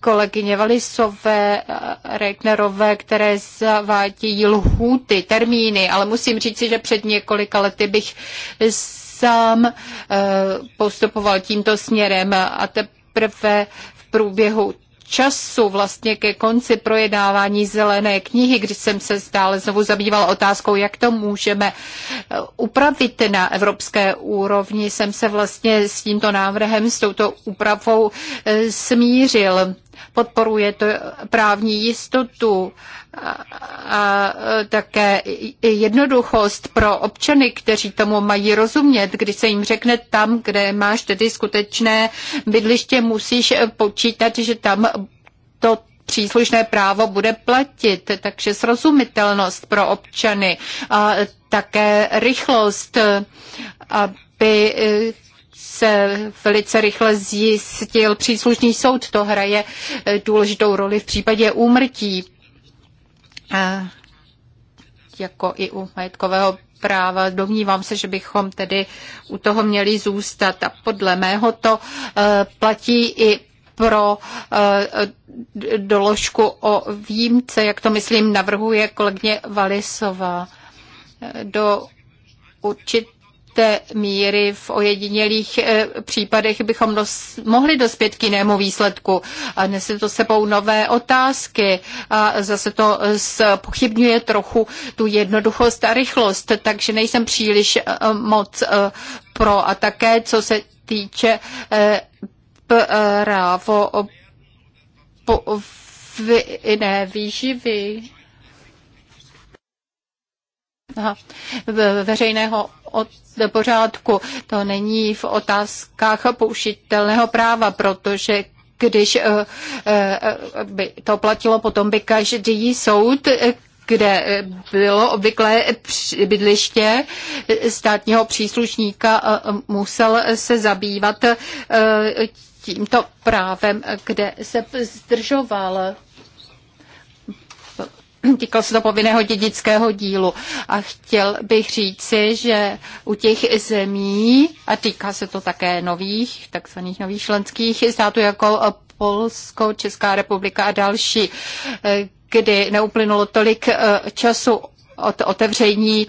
S1: kolegyně Valisové, Regnerové, které zavádějí lhůty, termíny, ale musím říct, že před několika lety bych sám eh, postupoval tímto směrem a teprve v průběhu času vlastně ke konci projednávání zelené knihy, když jsem se stále znovu zabývala otázkou, jak to můžeme eh, upravit na evropské úrovni, jsem se vlastně s tímto návrhem, s touto úpravou eh, smířil podporuje to právní jistotu a, také jednoduchost pro občany, kteří tomu mají rozumět, když se jim řekne tam, kde máš tedy skutečné bydliště, musíš počítat, že tam to příslušné právo bude platit, takže srozumitelnost pro občany a také rychlost, aby se velice rychle zjistil příslušný soud. To hraje eh, důležitou roli v případě úmrtí, jako i u majetkového práva. Domnívám se, že bychom tedy u toho měli zůstat. A podle mého to eh, platí i pro eh, doložku o výjimce, jak to myslím navrhuje kolegyně Valisová. Do určit určité míry v ojedinělých eh, případech bychom dos- mohli dospět k jinému výsledku. A nese to sebou nové otázky a zase to pochybňuje trochu tu jednoduchost a rychlost, takže nejsem příliš eh, moc eh, pro. A také, co se týče právo po, v, ne, výživy veřejného od pořádku. To není v otázkách poušitelného práva, protože když eh, eh, by to platilo, potom by každý soud, kde bylo obvyklé bydliště státního příslušníka, eh, musel se zabývat tímto právem, kde se zdržoval týkal se to povinného dědického dílu. A chtěl bych říci, že u těch zemí, a týká se to také nových, takzvaných nových členských států, jako Polsko, Česká republika a další, eh, kdy neuplynulo tolik eh, času od otevření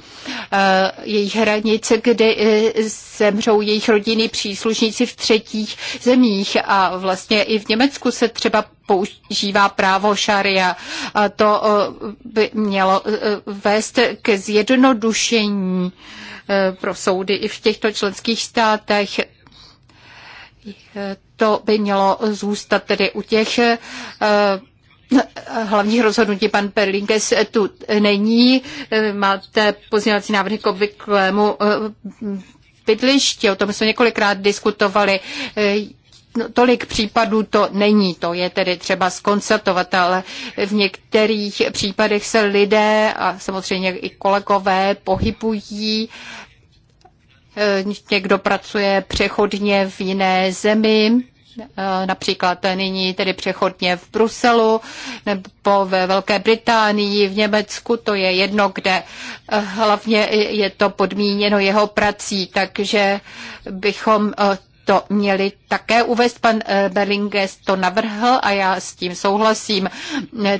S1: eh, jejich hranice, kdy eh, zemřou jejich rodiny příslušníci v třetích zemích a vlastně i v Německu se třeba používá právo šaria. A to eh, by mělo vést ke zjednodušení pro soudy i v těchto členských státech. To by mělo zůstat tedy u těch Hlavní rozhodnutí. Pan Perlinges tu není. Máte pozměňovací návrhy k obvyklému eh, bydlišti. O tom jsme několikrát diskutovali. Eh, no, tolik případů to není, to je tedy třeba skonstatovat, ale v některých případech se lidé a samozřejmě i kolegové pohybují. Eh, někdo pracuje přechodně v jiné zemi Eh, například nyní tedy přechodně v Bruselu nebo ve Velké Británii, v Německu, to je jedno kde. Eh, hlavně je to podmíněno jeho prací, takže bychom eh, to měli také uvést. Pan eh, Berlinges to navrhl a já s tím souhlasím.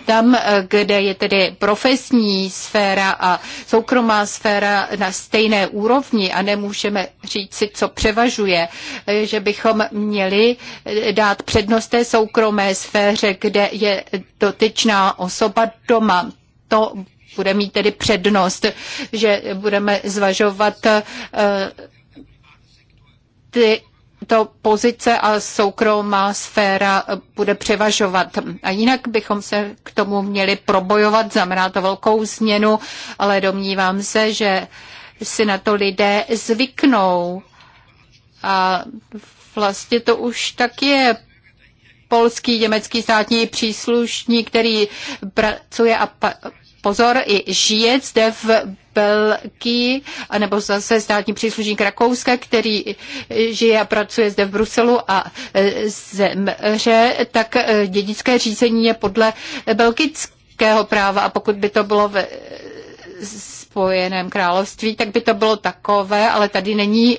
S1: Tam, eh, kde je tedy profesní sféra a soukromá sféra na stejné úrovni a nemůžeme říct si, co převažuje, eh, že bychom měli dát přednost té soukromé sféře, kde je dotyčná osoba doma. To bude mít tedy přednost, že budeme zvažovat ty to pozice a soukromá sféra eh, bude převažovat. A jinak bychom se k tomu měli probojovat, znamená to velkou změnu, ale domnívám se, že si na to lidé zvyknou. A vlastně to už tak je. Polský, německý státní příslušník, který pracuje a pozor, žije zde v Belgii, anebo zase státní příslušník Rakouska, který žije a pracuje zde v Bruselu a e, zemře, tak e, dědické řízení je podle belgického práva a pokud by to bylo ve Spojeném království, tak by to bylo takové, ale tady není e,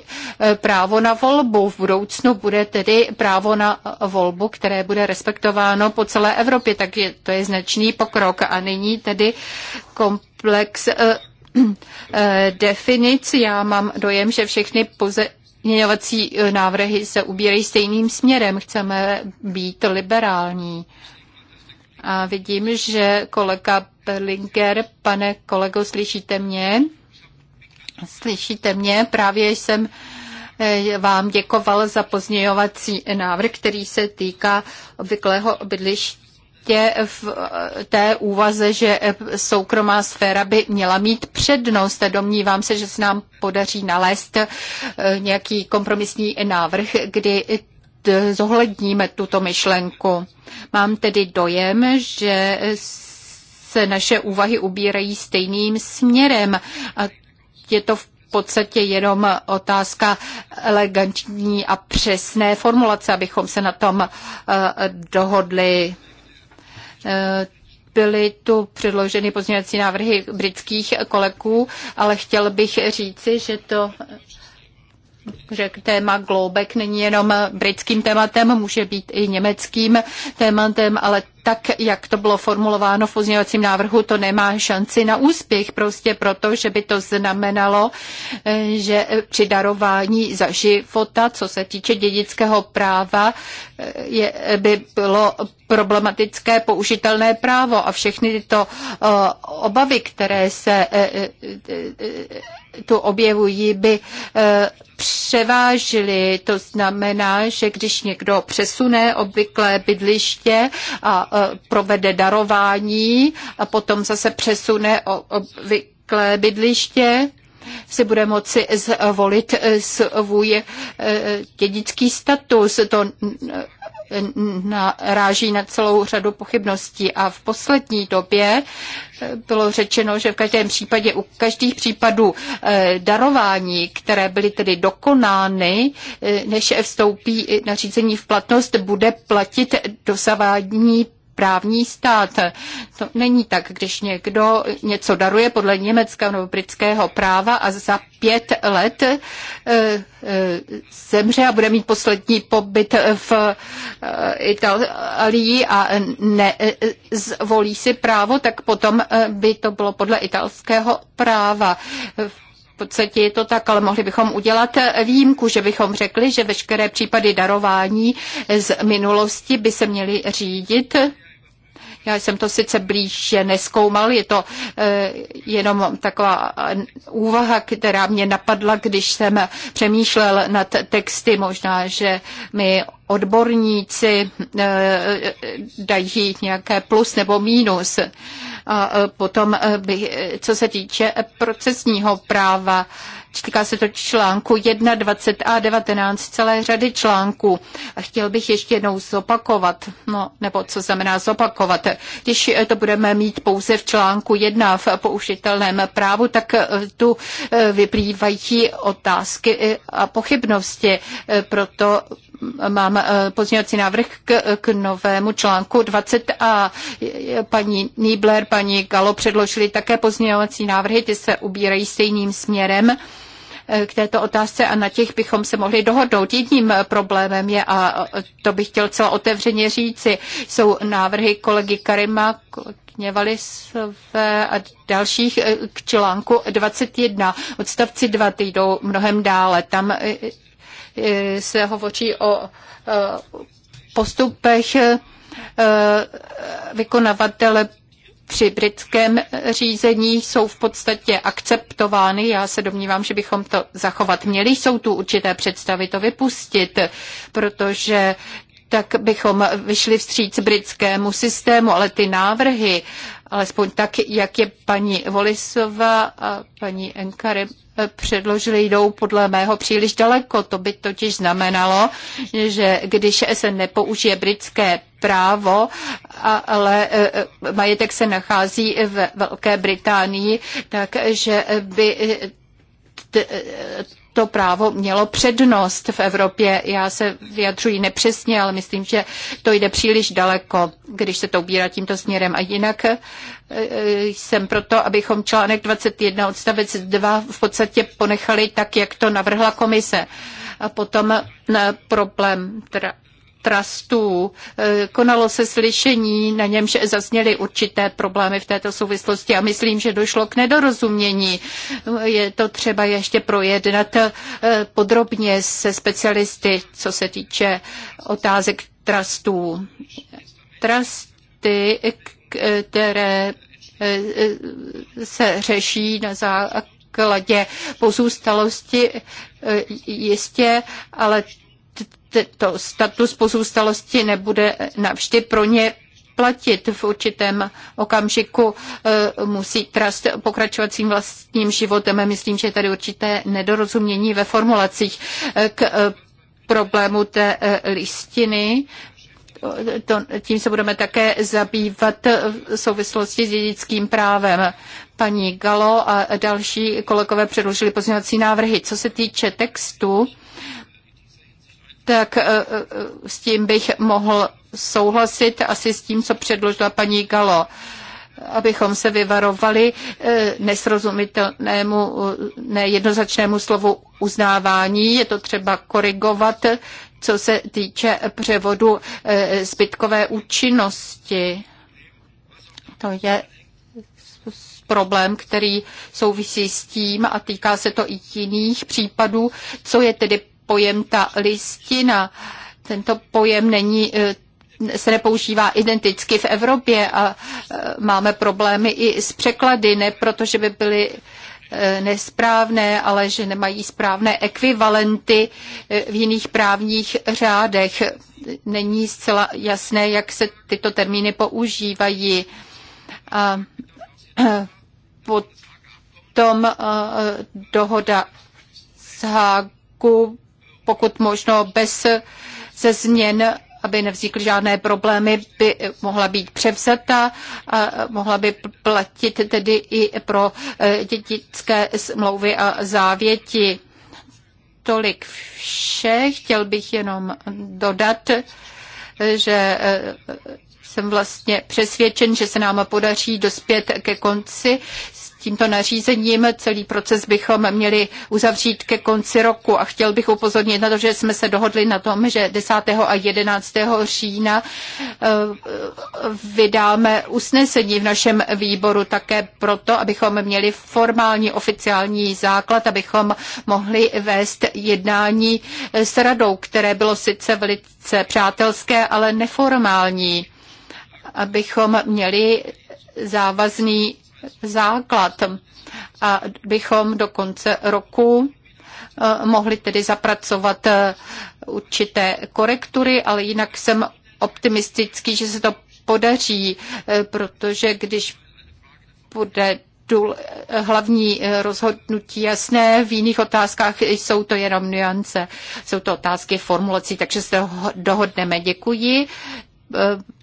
S1: právo na volbu. V budoucnu bude tedy právo na volbu, které bude respektováno po celé Evropě, tak je, to je značný pokrok. A nyní tedy komplex eh, eh, definic. Já mám dojem, že všechny poze, Měňovací e, návrhy se ubírají stejným směrem. Chceme být liberální. A vidím, že kolega Berlinger, pane kolego, slyšíte mě? Slyšíte mě? Právě jsem eh, vám děkoval za pozměňovací návrh, který se týká obvyklého bydliště v eh, té úvaze, že eh, soukromá sféra by měla mít přednost. Domnívám se, že se nám podaří nalézt nějaký kompromisní návrh, kdy zohledníme tuto myšlenku. Mám tedy dojem, že se naše úvahy ubírají stejným směrem a je to v podstatě jenom otázka elegantní a přesné formulace, abychom se na tom eh, dohodli. Eh, byly tu předloženy pozměňovací návrhy britských kolegů, ale chtěl bych říci, že to že téma Globek není jenom britským tématem, může být i německým tématem, ale tak, jak to bylo formulováno v pozměňovacím návrhu, to nemá šanci na úspěch, prostě proto, že by to znamenalo, eh, že při darování za života, co se týče dědického práva, eh, je, by bylo problematické použitelné právo a všechny tyto eh, obavy, které se tu objevují, by eh, převážily. To znamená, že když někdo přesune obvyklé bydliště a eh, provede darování a potom zase přesune obvyklé bydliště, si bude moci zvolit eh, svůj dědický status. To naráží na celou řadu pochybností. A v poslední době eh, bylo řečeno, že v každém případě, u každých případů eh, darování, které byly tedy dokonány, eh, než vstoupí nařízení v platnost, bude platit dosavádní právní stát. To není tak, když někdo něco daruje podle německého nebo britského práva a za pět let eh, eh, zemře a bude mít poslední pobyt v eh, Itálii a nezvolí si právo, tak potom by to bylo podle italského práva. V podstatě je to tak, ale mohli bychom udělat výjimku, že bychom řekli, že veškeré případy darování z minulosti by se měly řídit já jsem to sice blíže neskoumal, je to eh, jenom taková úvaha, která mě napadla, když jsem přemýšlel nad texty. Možná, že mi odborníci eh, dají nějaké plus nebo mínus. A eh, potom, by, co se týče procesního práva, Týká se to článku 21 a 19, celé řady článků. A chtěl bych ještě jednou zopakovat, no, nebo co znamená zopakovat. Když eh, to budeme mít pouze v článku 1 v použitelném právu, tak eh, tu eh, vyplývají otázky a pochybnosti. Proto mám eh, pozměňovací návrh k, k novému článku 20a. Eh, paní Niebler, paní Galo předložili také pozměňovací návrhy, ty se ubírají stejným směrem eh, k této otázce a na těch bychom se mohli dohodnout. Jedním problémem je, a to bych chtěl celá otevřeně říci, jsou návrhy kolegy Karima, své a dalších k článku 21. Odstavci 2 ty jdou mnohem dále. Tam Eh, se hovoří o eh, postupech eh, vykonavatele při britském řízení jsou v podstatě akceptovány. Já se domnívám, že bychom to zachovat měli. Jsou tu určité představy to vypustit, protože tak bychom vyšli vstříc britskému systému, ale ty návrhy alespoň tak, jak je paní Volisova a paní Enkare eh, předložili, jdou podle mého příliš daleko. To by totiž znamenalo, že když se nepoužije britské právo, ale eh, majetek se nachází v Velké Británii, takže by eh, to právo mělo přednost v Evropě. Já se vyjadřuji nepřesně, ale myslím, že to jde příliš daleko, když se to ubírá tímto směrem. A jinak e, jsem proto, abychom článek 21 odstavec 2 v podstatě ponechali tak, jak to navrhla komise. A potom e, problém, teda trustů. Eh, konalo se slyšení, na němž zazněly určité problémy v této souvislosti a myslím, že došlo k nedorozumění. Je to třeba ještě projednat eh, podrobně se specialisty, co se týče otázek trustů. Trusty, které eh, se řeší na základě pozůstalosti jistě, ale to status pozůstalosti nebude navždy pro ně platit v určitém okamžiku, eh, musí trust pokračovat svým vlastním životem. Myslím, že je tady určité nedorozumění ve formulacích eh, k eh, problému té listiny. To, tím se budeme také zabývat v souvislosti s dědickým právem. Paní Galo a další kolegové předložili pozměňovací návrhy. Co se týče textu, tak eh, eh, s tím bych mohl souhlasit asi s tím, co předložila paní Galo abychom se vyvarovali eh, nesrozumitelnému, nejednoznačnému slovu uznávání. Je to třeba korigovat, co se týče převodu zbytkové účinnosti. To je problém, který souvisí s tím a týká se to i jiných případů, co je tedy pojem ta listina. Tento pojem není eh, se nepoužívá identicky v Evropě a eh, máme problémy i s překlady, ne protože by byly eh, nesprávné, ale že nemají správné ekvivalenty v jiných právních řádech. Není zcela jasné, jak se tyto termíny používají. A potom dohoda s Hagu pokud možno bez se změn aby nevznikly žádné problémy, by mohla být převzata a mohla by platit tedy i pro eh, dětické smlouvy a závěti. Tolik vše. Chtěl bych jenom dodat, že eh, jsem vlastně přesvědčen, že se nám podaří dospět ke konci tímto nařízením. Celý proces bychom měli uzavřít ke konci roku a chtěl bych upozornit na to, že jsme se dohodli na tom, že 10. a 11. října eh, vydáme usnesení v našem výboru také proto, abychom měli formální oficiální základ, abychom mohli vést jednání s radou, které bylo sice velice přátelské, ale neformální abychom měli závazný základ, a bychom do konce roku eh, mohli tedy zapracovat eh, určité korektury, ale jinak jsem optimistický, že se to podaří, eh, protože když bude hlavní rozhodnutí jasné, v jiných otázkách jsou to jenom nuance, jsou to otázky formulací, takže se dohodneme. Děkuji.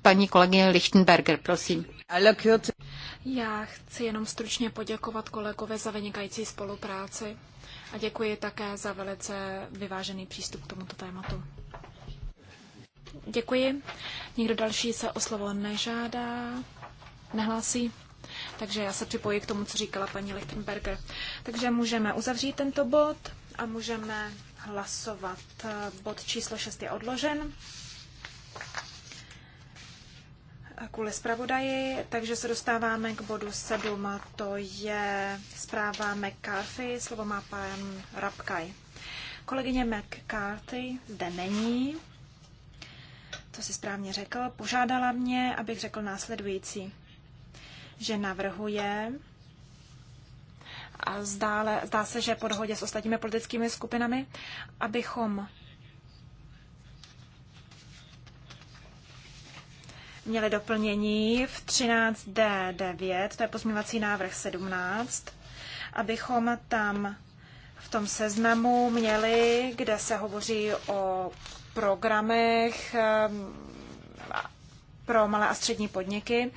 S1: Paní kolegyně Lichtenberger, prosím.
S3: Já chci jenom stručně poděkovat kolegové za vynikající spolupráci a děkuji také za velice vyvážený přístup k tomuto tématu. Děkuji. Nikdo další se o slovo nežádá, nehlásí. Takže já se připojím k tomu, co říkala paní Lichtenberger. Takže můžeme uzavřít tento bod a můžeme hlasovat. Bod číslo 6 je odložen kvůli zpravodaji, takže se dostáváme k bodu 7. To je zpráva McCarthy, slovo má pán Rabkaj. Kolegyně McCarthy zde není, to si správně řekl, požádala mě, abych řekl následující, že navrhuje, a zdále, zdá se, že po dohodě s ostatními politickými skupinami, abychom měli doplnění v 13D9, to je pozměňovací návrh 17, abychom tam v tom seznamu měli, kde se hovoří o programech ehm, pro malé a střední podniky,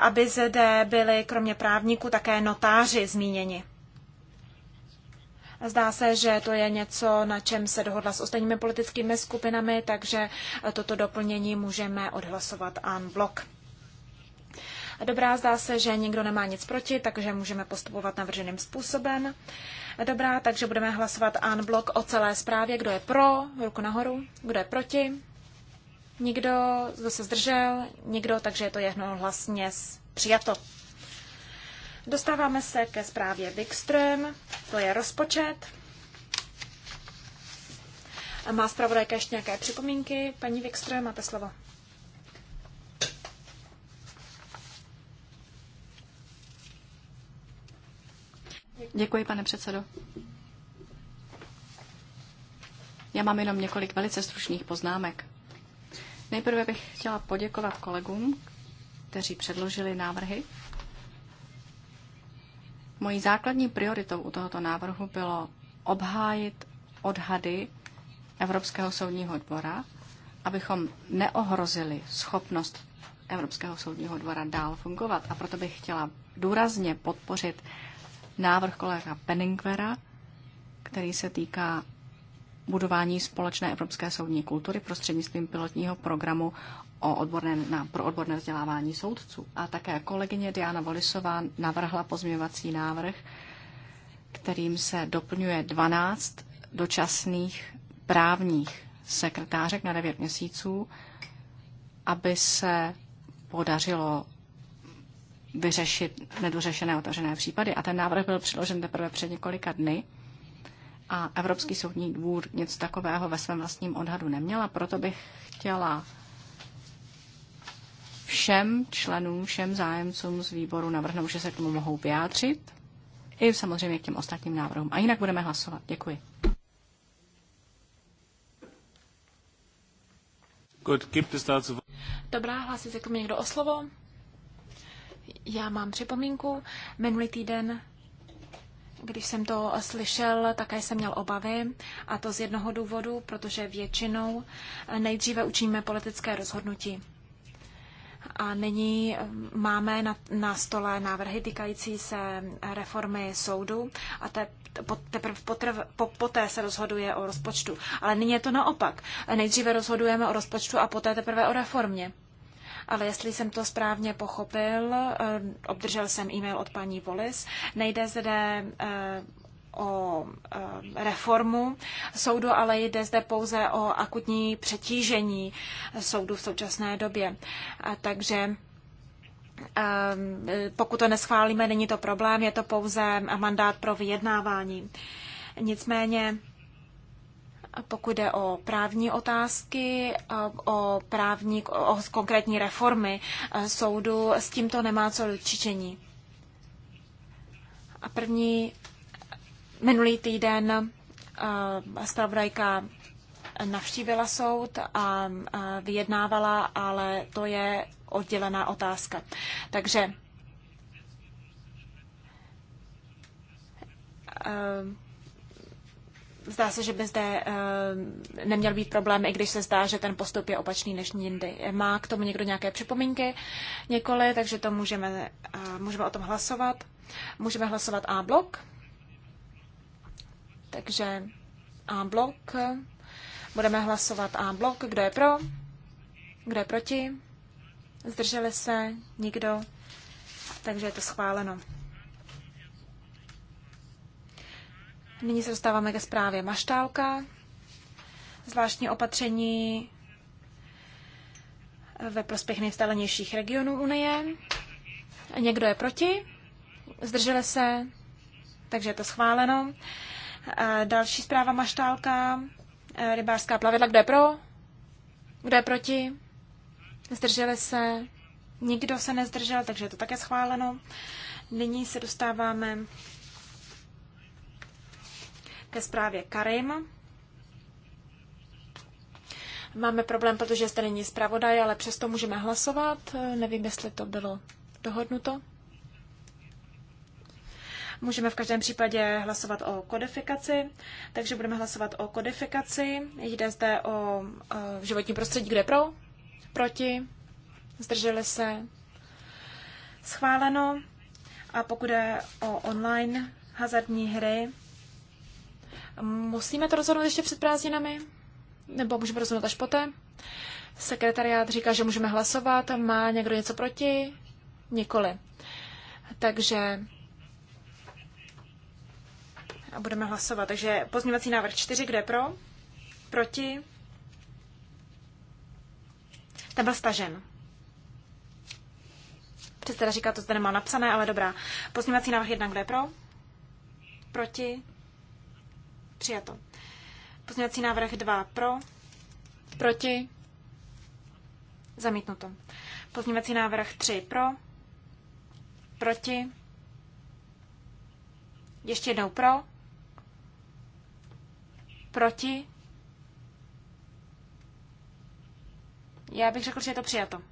S3: aby zde byly kromě právníků také notáři zmíněni. Zdá se, že to je něco, na čem se dohodla s ostatními politickými skupinami, takže toto doplnění můžeme odhlasovat en blok. Dobrá, zdá se, že nikdo nemá nic proti, takže můžeme postupovat navrženým způsobem. Dobrá, takže budeme hlasovat en blok o celé zprávě. Kdo je pro, ruku nahoru. Kdo je proti? Nikdo, kdo se zdržel, nikdo, takže je to jednohlasně přijato. Dostáváme se ke zprávě Wikström, to je rozpočet. A má zpravodajka ještě nějaké připomínky? Paní Wikström, máte slovo.
S2: Děkuji, pane předsedo. Já mám jenom několik velice stručných poznámek. Nejprve bych chtěla poděkovat kolegům, kteří předložili návrhy Mojí základní prioritou u tohoto návrhu bylo obhájit odhady Evropského soudního dvora, abychom neohrozili schopnost Evropského soudního dvora dál fungovat. A proto bych chtěla důrazně podpořit návrh kolega Penningvera, který se týká budování společné evropské soudní kultury prostřednictvím pilotního programu o odborné, na, pro odborné vzdělávání soudců. A také kolegyně Diana Volisová navrhla pozměňovací návrh, kterým se doplňuje 12 dočasných právních sekretářek na 9 měsíců, aby se podařilo vyřešit nedořešené otevřené případy. A ten návrh byl předložen teprve před několika dny a Evropský soudní dvůr něco takového ve svém vlastním odhadu neměla, proto bych chtěla všem členům, všem zájemcům z výboru navrhnout, že se k tomu mohou vyjádřit. I samozřejmě k těm ostatním návrhům. A jinak budeme hlasovat. Děkuji.
S3: Dobrá, hlásí se k tomu někdo o slovo? Já mám připomínku. Minulý týden, když jsem to slyšel, také jsem měl obavy, a to z jednoho důvodu, protože většinou nejdříve učíme politické rozhodnutí. A nyní eh, máme na, na stole návrhy týkající se reformy soudu a te, teprve potrv, po, poté se rozhoduje o rozpočtu. Ale nyní je to naopak. Nejdříve rozhodujeme o rozpočtu a poté teprve o reformě. Ale jestli jsem to správně pochopil, eh, obdržel jsem e-mail od paní Volis, nejde zde eh, o e, reformu soudu, ale jde zde pouze o akutní přetížení soudu v současné době. A takže e, pokud to neschválíme, není to problém, je to pouze mandát pro vyjednávání. Nicméně, pokud jde o právní otázky, e, o, právní, o konkrétní reformy soudu, s tímto nemá co dočičení. A první Minulý týden eh, zpravodajka navštívila soud a vyjednávala, ale to je oddělená otázka. Takže eh, zdá se, že by zde eh, neměl být problém, i když se zdá, že ten postup je opačný než jindy. Má k tomu někdo nějaké připomínky? Několik, takže to můžeme, můžeme o tom hlasovat. Můžeme hlasovat A blok. Takže en blok. Budeme hlasovat en blok. Kdo je pro? Kdo je proti? Zdrželi se? Nikdo? Takže je to schváleno. Nyní se dostáváme ke zprávě Maštálka. Zvláštní opatření ve prospěch nejvzdálenějších regionů Unie. Někdo je proti? Zdrželi se? Takže je to schváleno. Další zpráva maštálka, eh, rybářská plavidla, kdo je pro, kdo je proti, zdrželi se, nikdo se nezdržel, takže je to také schváleno. Nyní se dostáváme ke zprávě Karim. Máme problém, protože zde není zpravodaj, ale přesto můžeme hlasovat. Nevím, jestli to bylo dohodnuto. Můžeme v každém případě hlasovat o kodifikaci, takže budeme hlasovat o kodifikaci. Jde zde o životní prostředí, kde pro, proti, zdrželi se, schváleno. A pokud je o online hazardní hry, musíme to rozhodnout ještě před prázdninami? Nebo můžeme rozhodnout až poté? Sekretariát říká, že můžeme hlasovat. Má někdo něco proti? Nikoli. Takže a budeme hlasovat. Takže pozměňovací návrh 4, kde pro? Proti? Ten byl stažen. Předseda říká, to zde nemá napsané, ale dobrá. Pozměňovací návrh 1, kde pro? Proti? Přijato. Pozměňovací návrh 2 pro? Proti? Zamítnuto. Pozměňovací návrh 3 pro? Proti? Ještě jednou pro? Proti? Já bych řekl, že je to přijato.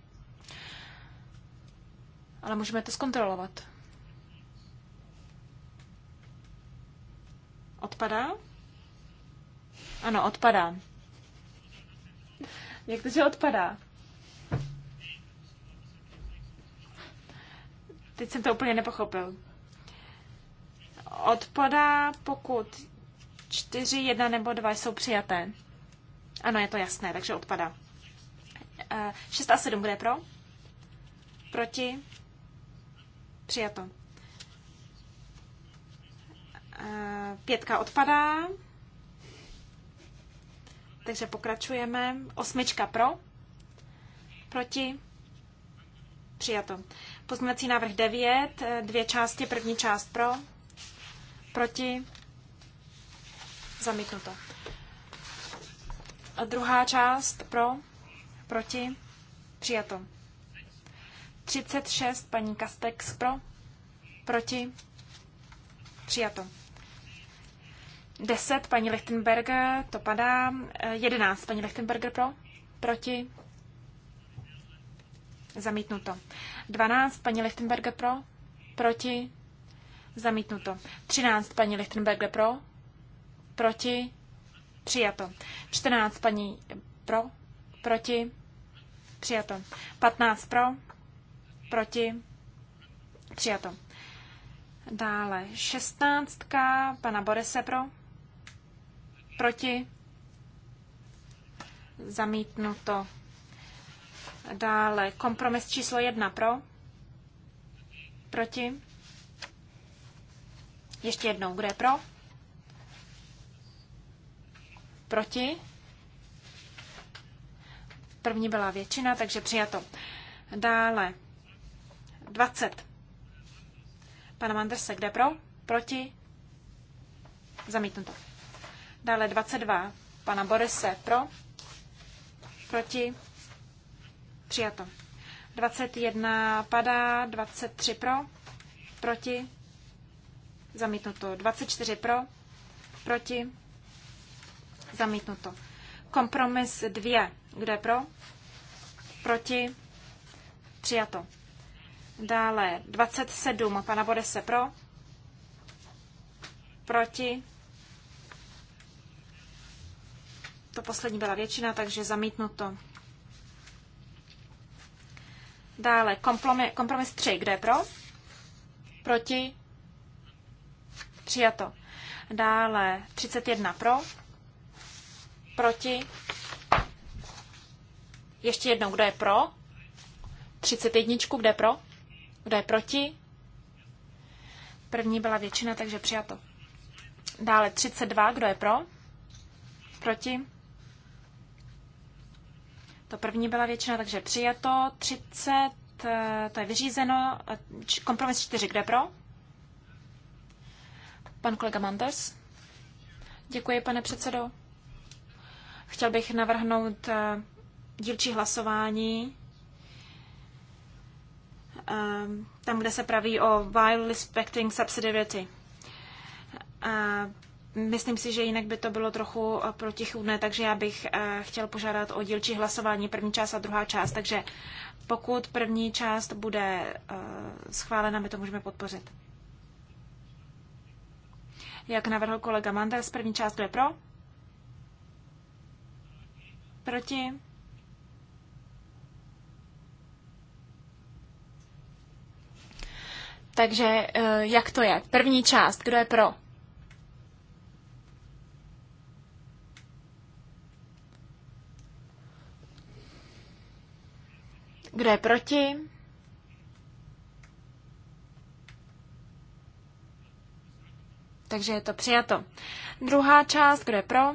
S3: Ale můžeme to zkontrolovat. Odpadá? Ano, odpadá. Jak to, že odpadá? Teď jsem to úplně nepochopil. Odpadá, pokud 4, 1 nebo 2 jsou přijaté. Ano, je to jasné, takže odpada. 6 eh, a 7, kde je pro? Proti? Přijato. Eh, pětka odpadá. Takže pokračujeme. Osmička pro. Proti. Přijato. Pozměňovací návrh 9. Eh, dvě části. První část pro. Proti. Zamítnuto. A druhá část pro, proti, přijato. 36 paní Kastex pro, proti, přijato. 10 paní Lichtenberger, to padá. 11 paní Lichtenberger pro, proti, zamítnuto. 12 paní Lichtenberger pro, proti, zamítnuto. 13 paní Lichtenberger pro, proti, přijato. 14 paní pro, proti, přijato. 15 pro, proti, přijato. Dále 16 pana Borese pro, proti, zamítnuto. Dále kompromis číslo 1 pro, proti, ještě jednou, kdo je pro? Proti? První byla většina, takže přijato. Dále 20. Pana Mandrse, kde pro? Proti? Zamítnuto. Dále 22. Pana Borise, pro? Proti? Přijato. 21 padá, 23 pro, proti, zamítnuto, 24 pro, proti, Zamítnuto. Kompromis 2. Kdo je pro? Proti? Přijato. Dále 27. Pana se pro? Proti? To poslední byla většina, takže zamítnuto. Dále kompromis, kompromis 3. Kdo je pro? Proti? Přijato. Dále 31 pro Proti? Ještě jednou, kdo je pro? 31, kdo je pro? Kdo je proti? První byla většina, takže přijato. Dále 32, kdo je pro? Proti? To první byla většina, takže přijato. 30, eh, to je vyřízeno. Eh, kompromis 4, kde pro? Pan kolega Manders. Děkuji, pane předsedo. Chtěl bych navrhnout eh, dílčí hlasování eh, tam, kde se praví o while respecting subsidiarity. Eh, myslím si, že jinak by to bylo trochu protichůdné, takže já bych chtěl požádat o dílčí hlasování první část a druhá část. Takže pokud první část bude schválena, my to můžeme podpořit. Jak navrhl kolega Manders, první část, kdo je pro? Proti? Takže eh, jak to je? První část, kdo je pro? Kdo je proti? Takže je to přijato. Druhá část, kdo je pro?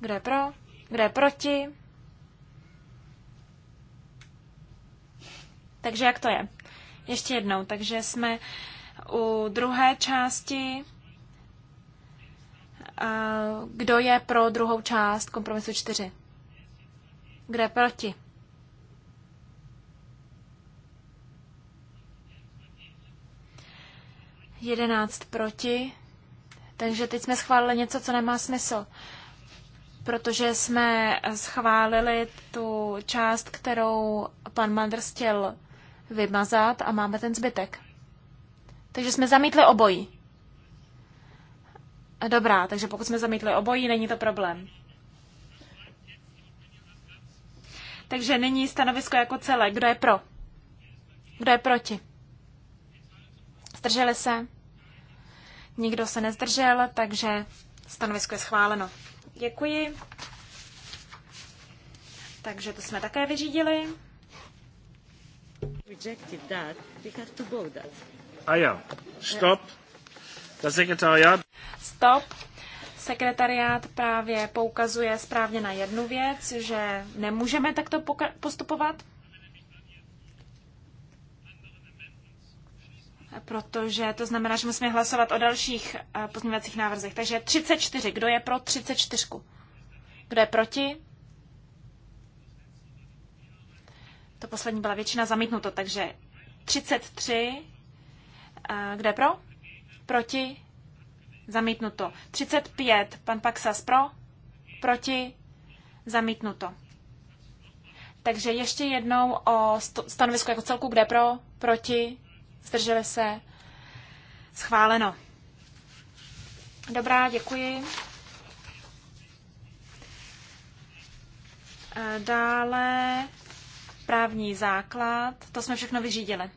S3: Kdo je pro? Kdo je proti? Takže jak to je? Ještě jednou. Takže jsme u druhé části. Kdo je pro druhou část kompromisu 4? Kdo je proti? Jedenáct proti. Takže teď jsme schválili něco, co nemá smysl. Uh, protože jsme schválili tu část, kterou pan Mandr chtěl vymazat a máme ten zbytek. Takže jsme zamítli obojí. Dobrá, takže pokud jsme zamítli obojí, není to problém. Takže nyní stanovisko jako celé. Kdo je pro? Kdo je proti? Zdrželi se? Nikdo se nezdržel, takže stanovisko je schváleno. Děkuji. Takže to jsme také vyřídili. Ah,
S1: A jo. Stop. sekretariát.
S3: Stop. Sekretariát právě poukazuje správně na jednu věc, že nemůžeme takto postupovat. protože to znamená, že musíme hlasovat o dalších eh, pozměňovacích návrzech. Takže 34. Kdo je pro 34? Kdo je proti? To poslední byla většina zamítnuto, takže 33. Eh, kdo je pro? Proti? Zamítnuto. 35. Pan Paxas pro? Proti? Zamítnuto. Takže ještě jednou o stanovisku jako celku, kde pro, proti, Zdrželi se? Schváleno. Dobrá, děkuji. E, dále právní základ, to jsme všechno vyřídili.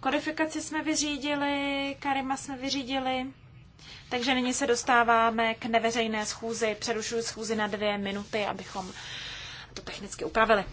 S3: Kodifikaci jsme vyřídili, Karima jsme vyřídili, takže nyní se dostáváme k neveřejné schůzi. Přerušuji schůzi na dvě minuty, abychom to technicky upravili.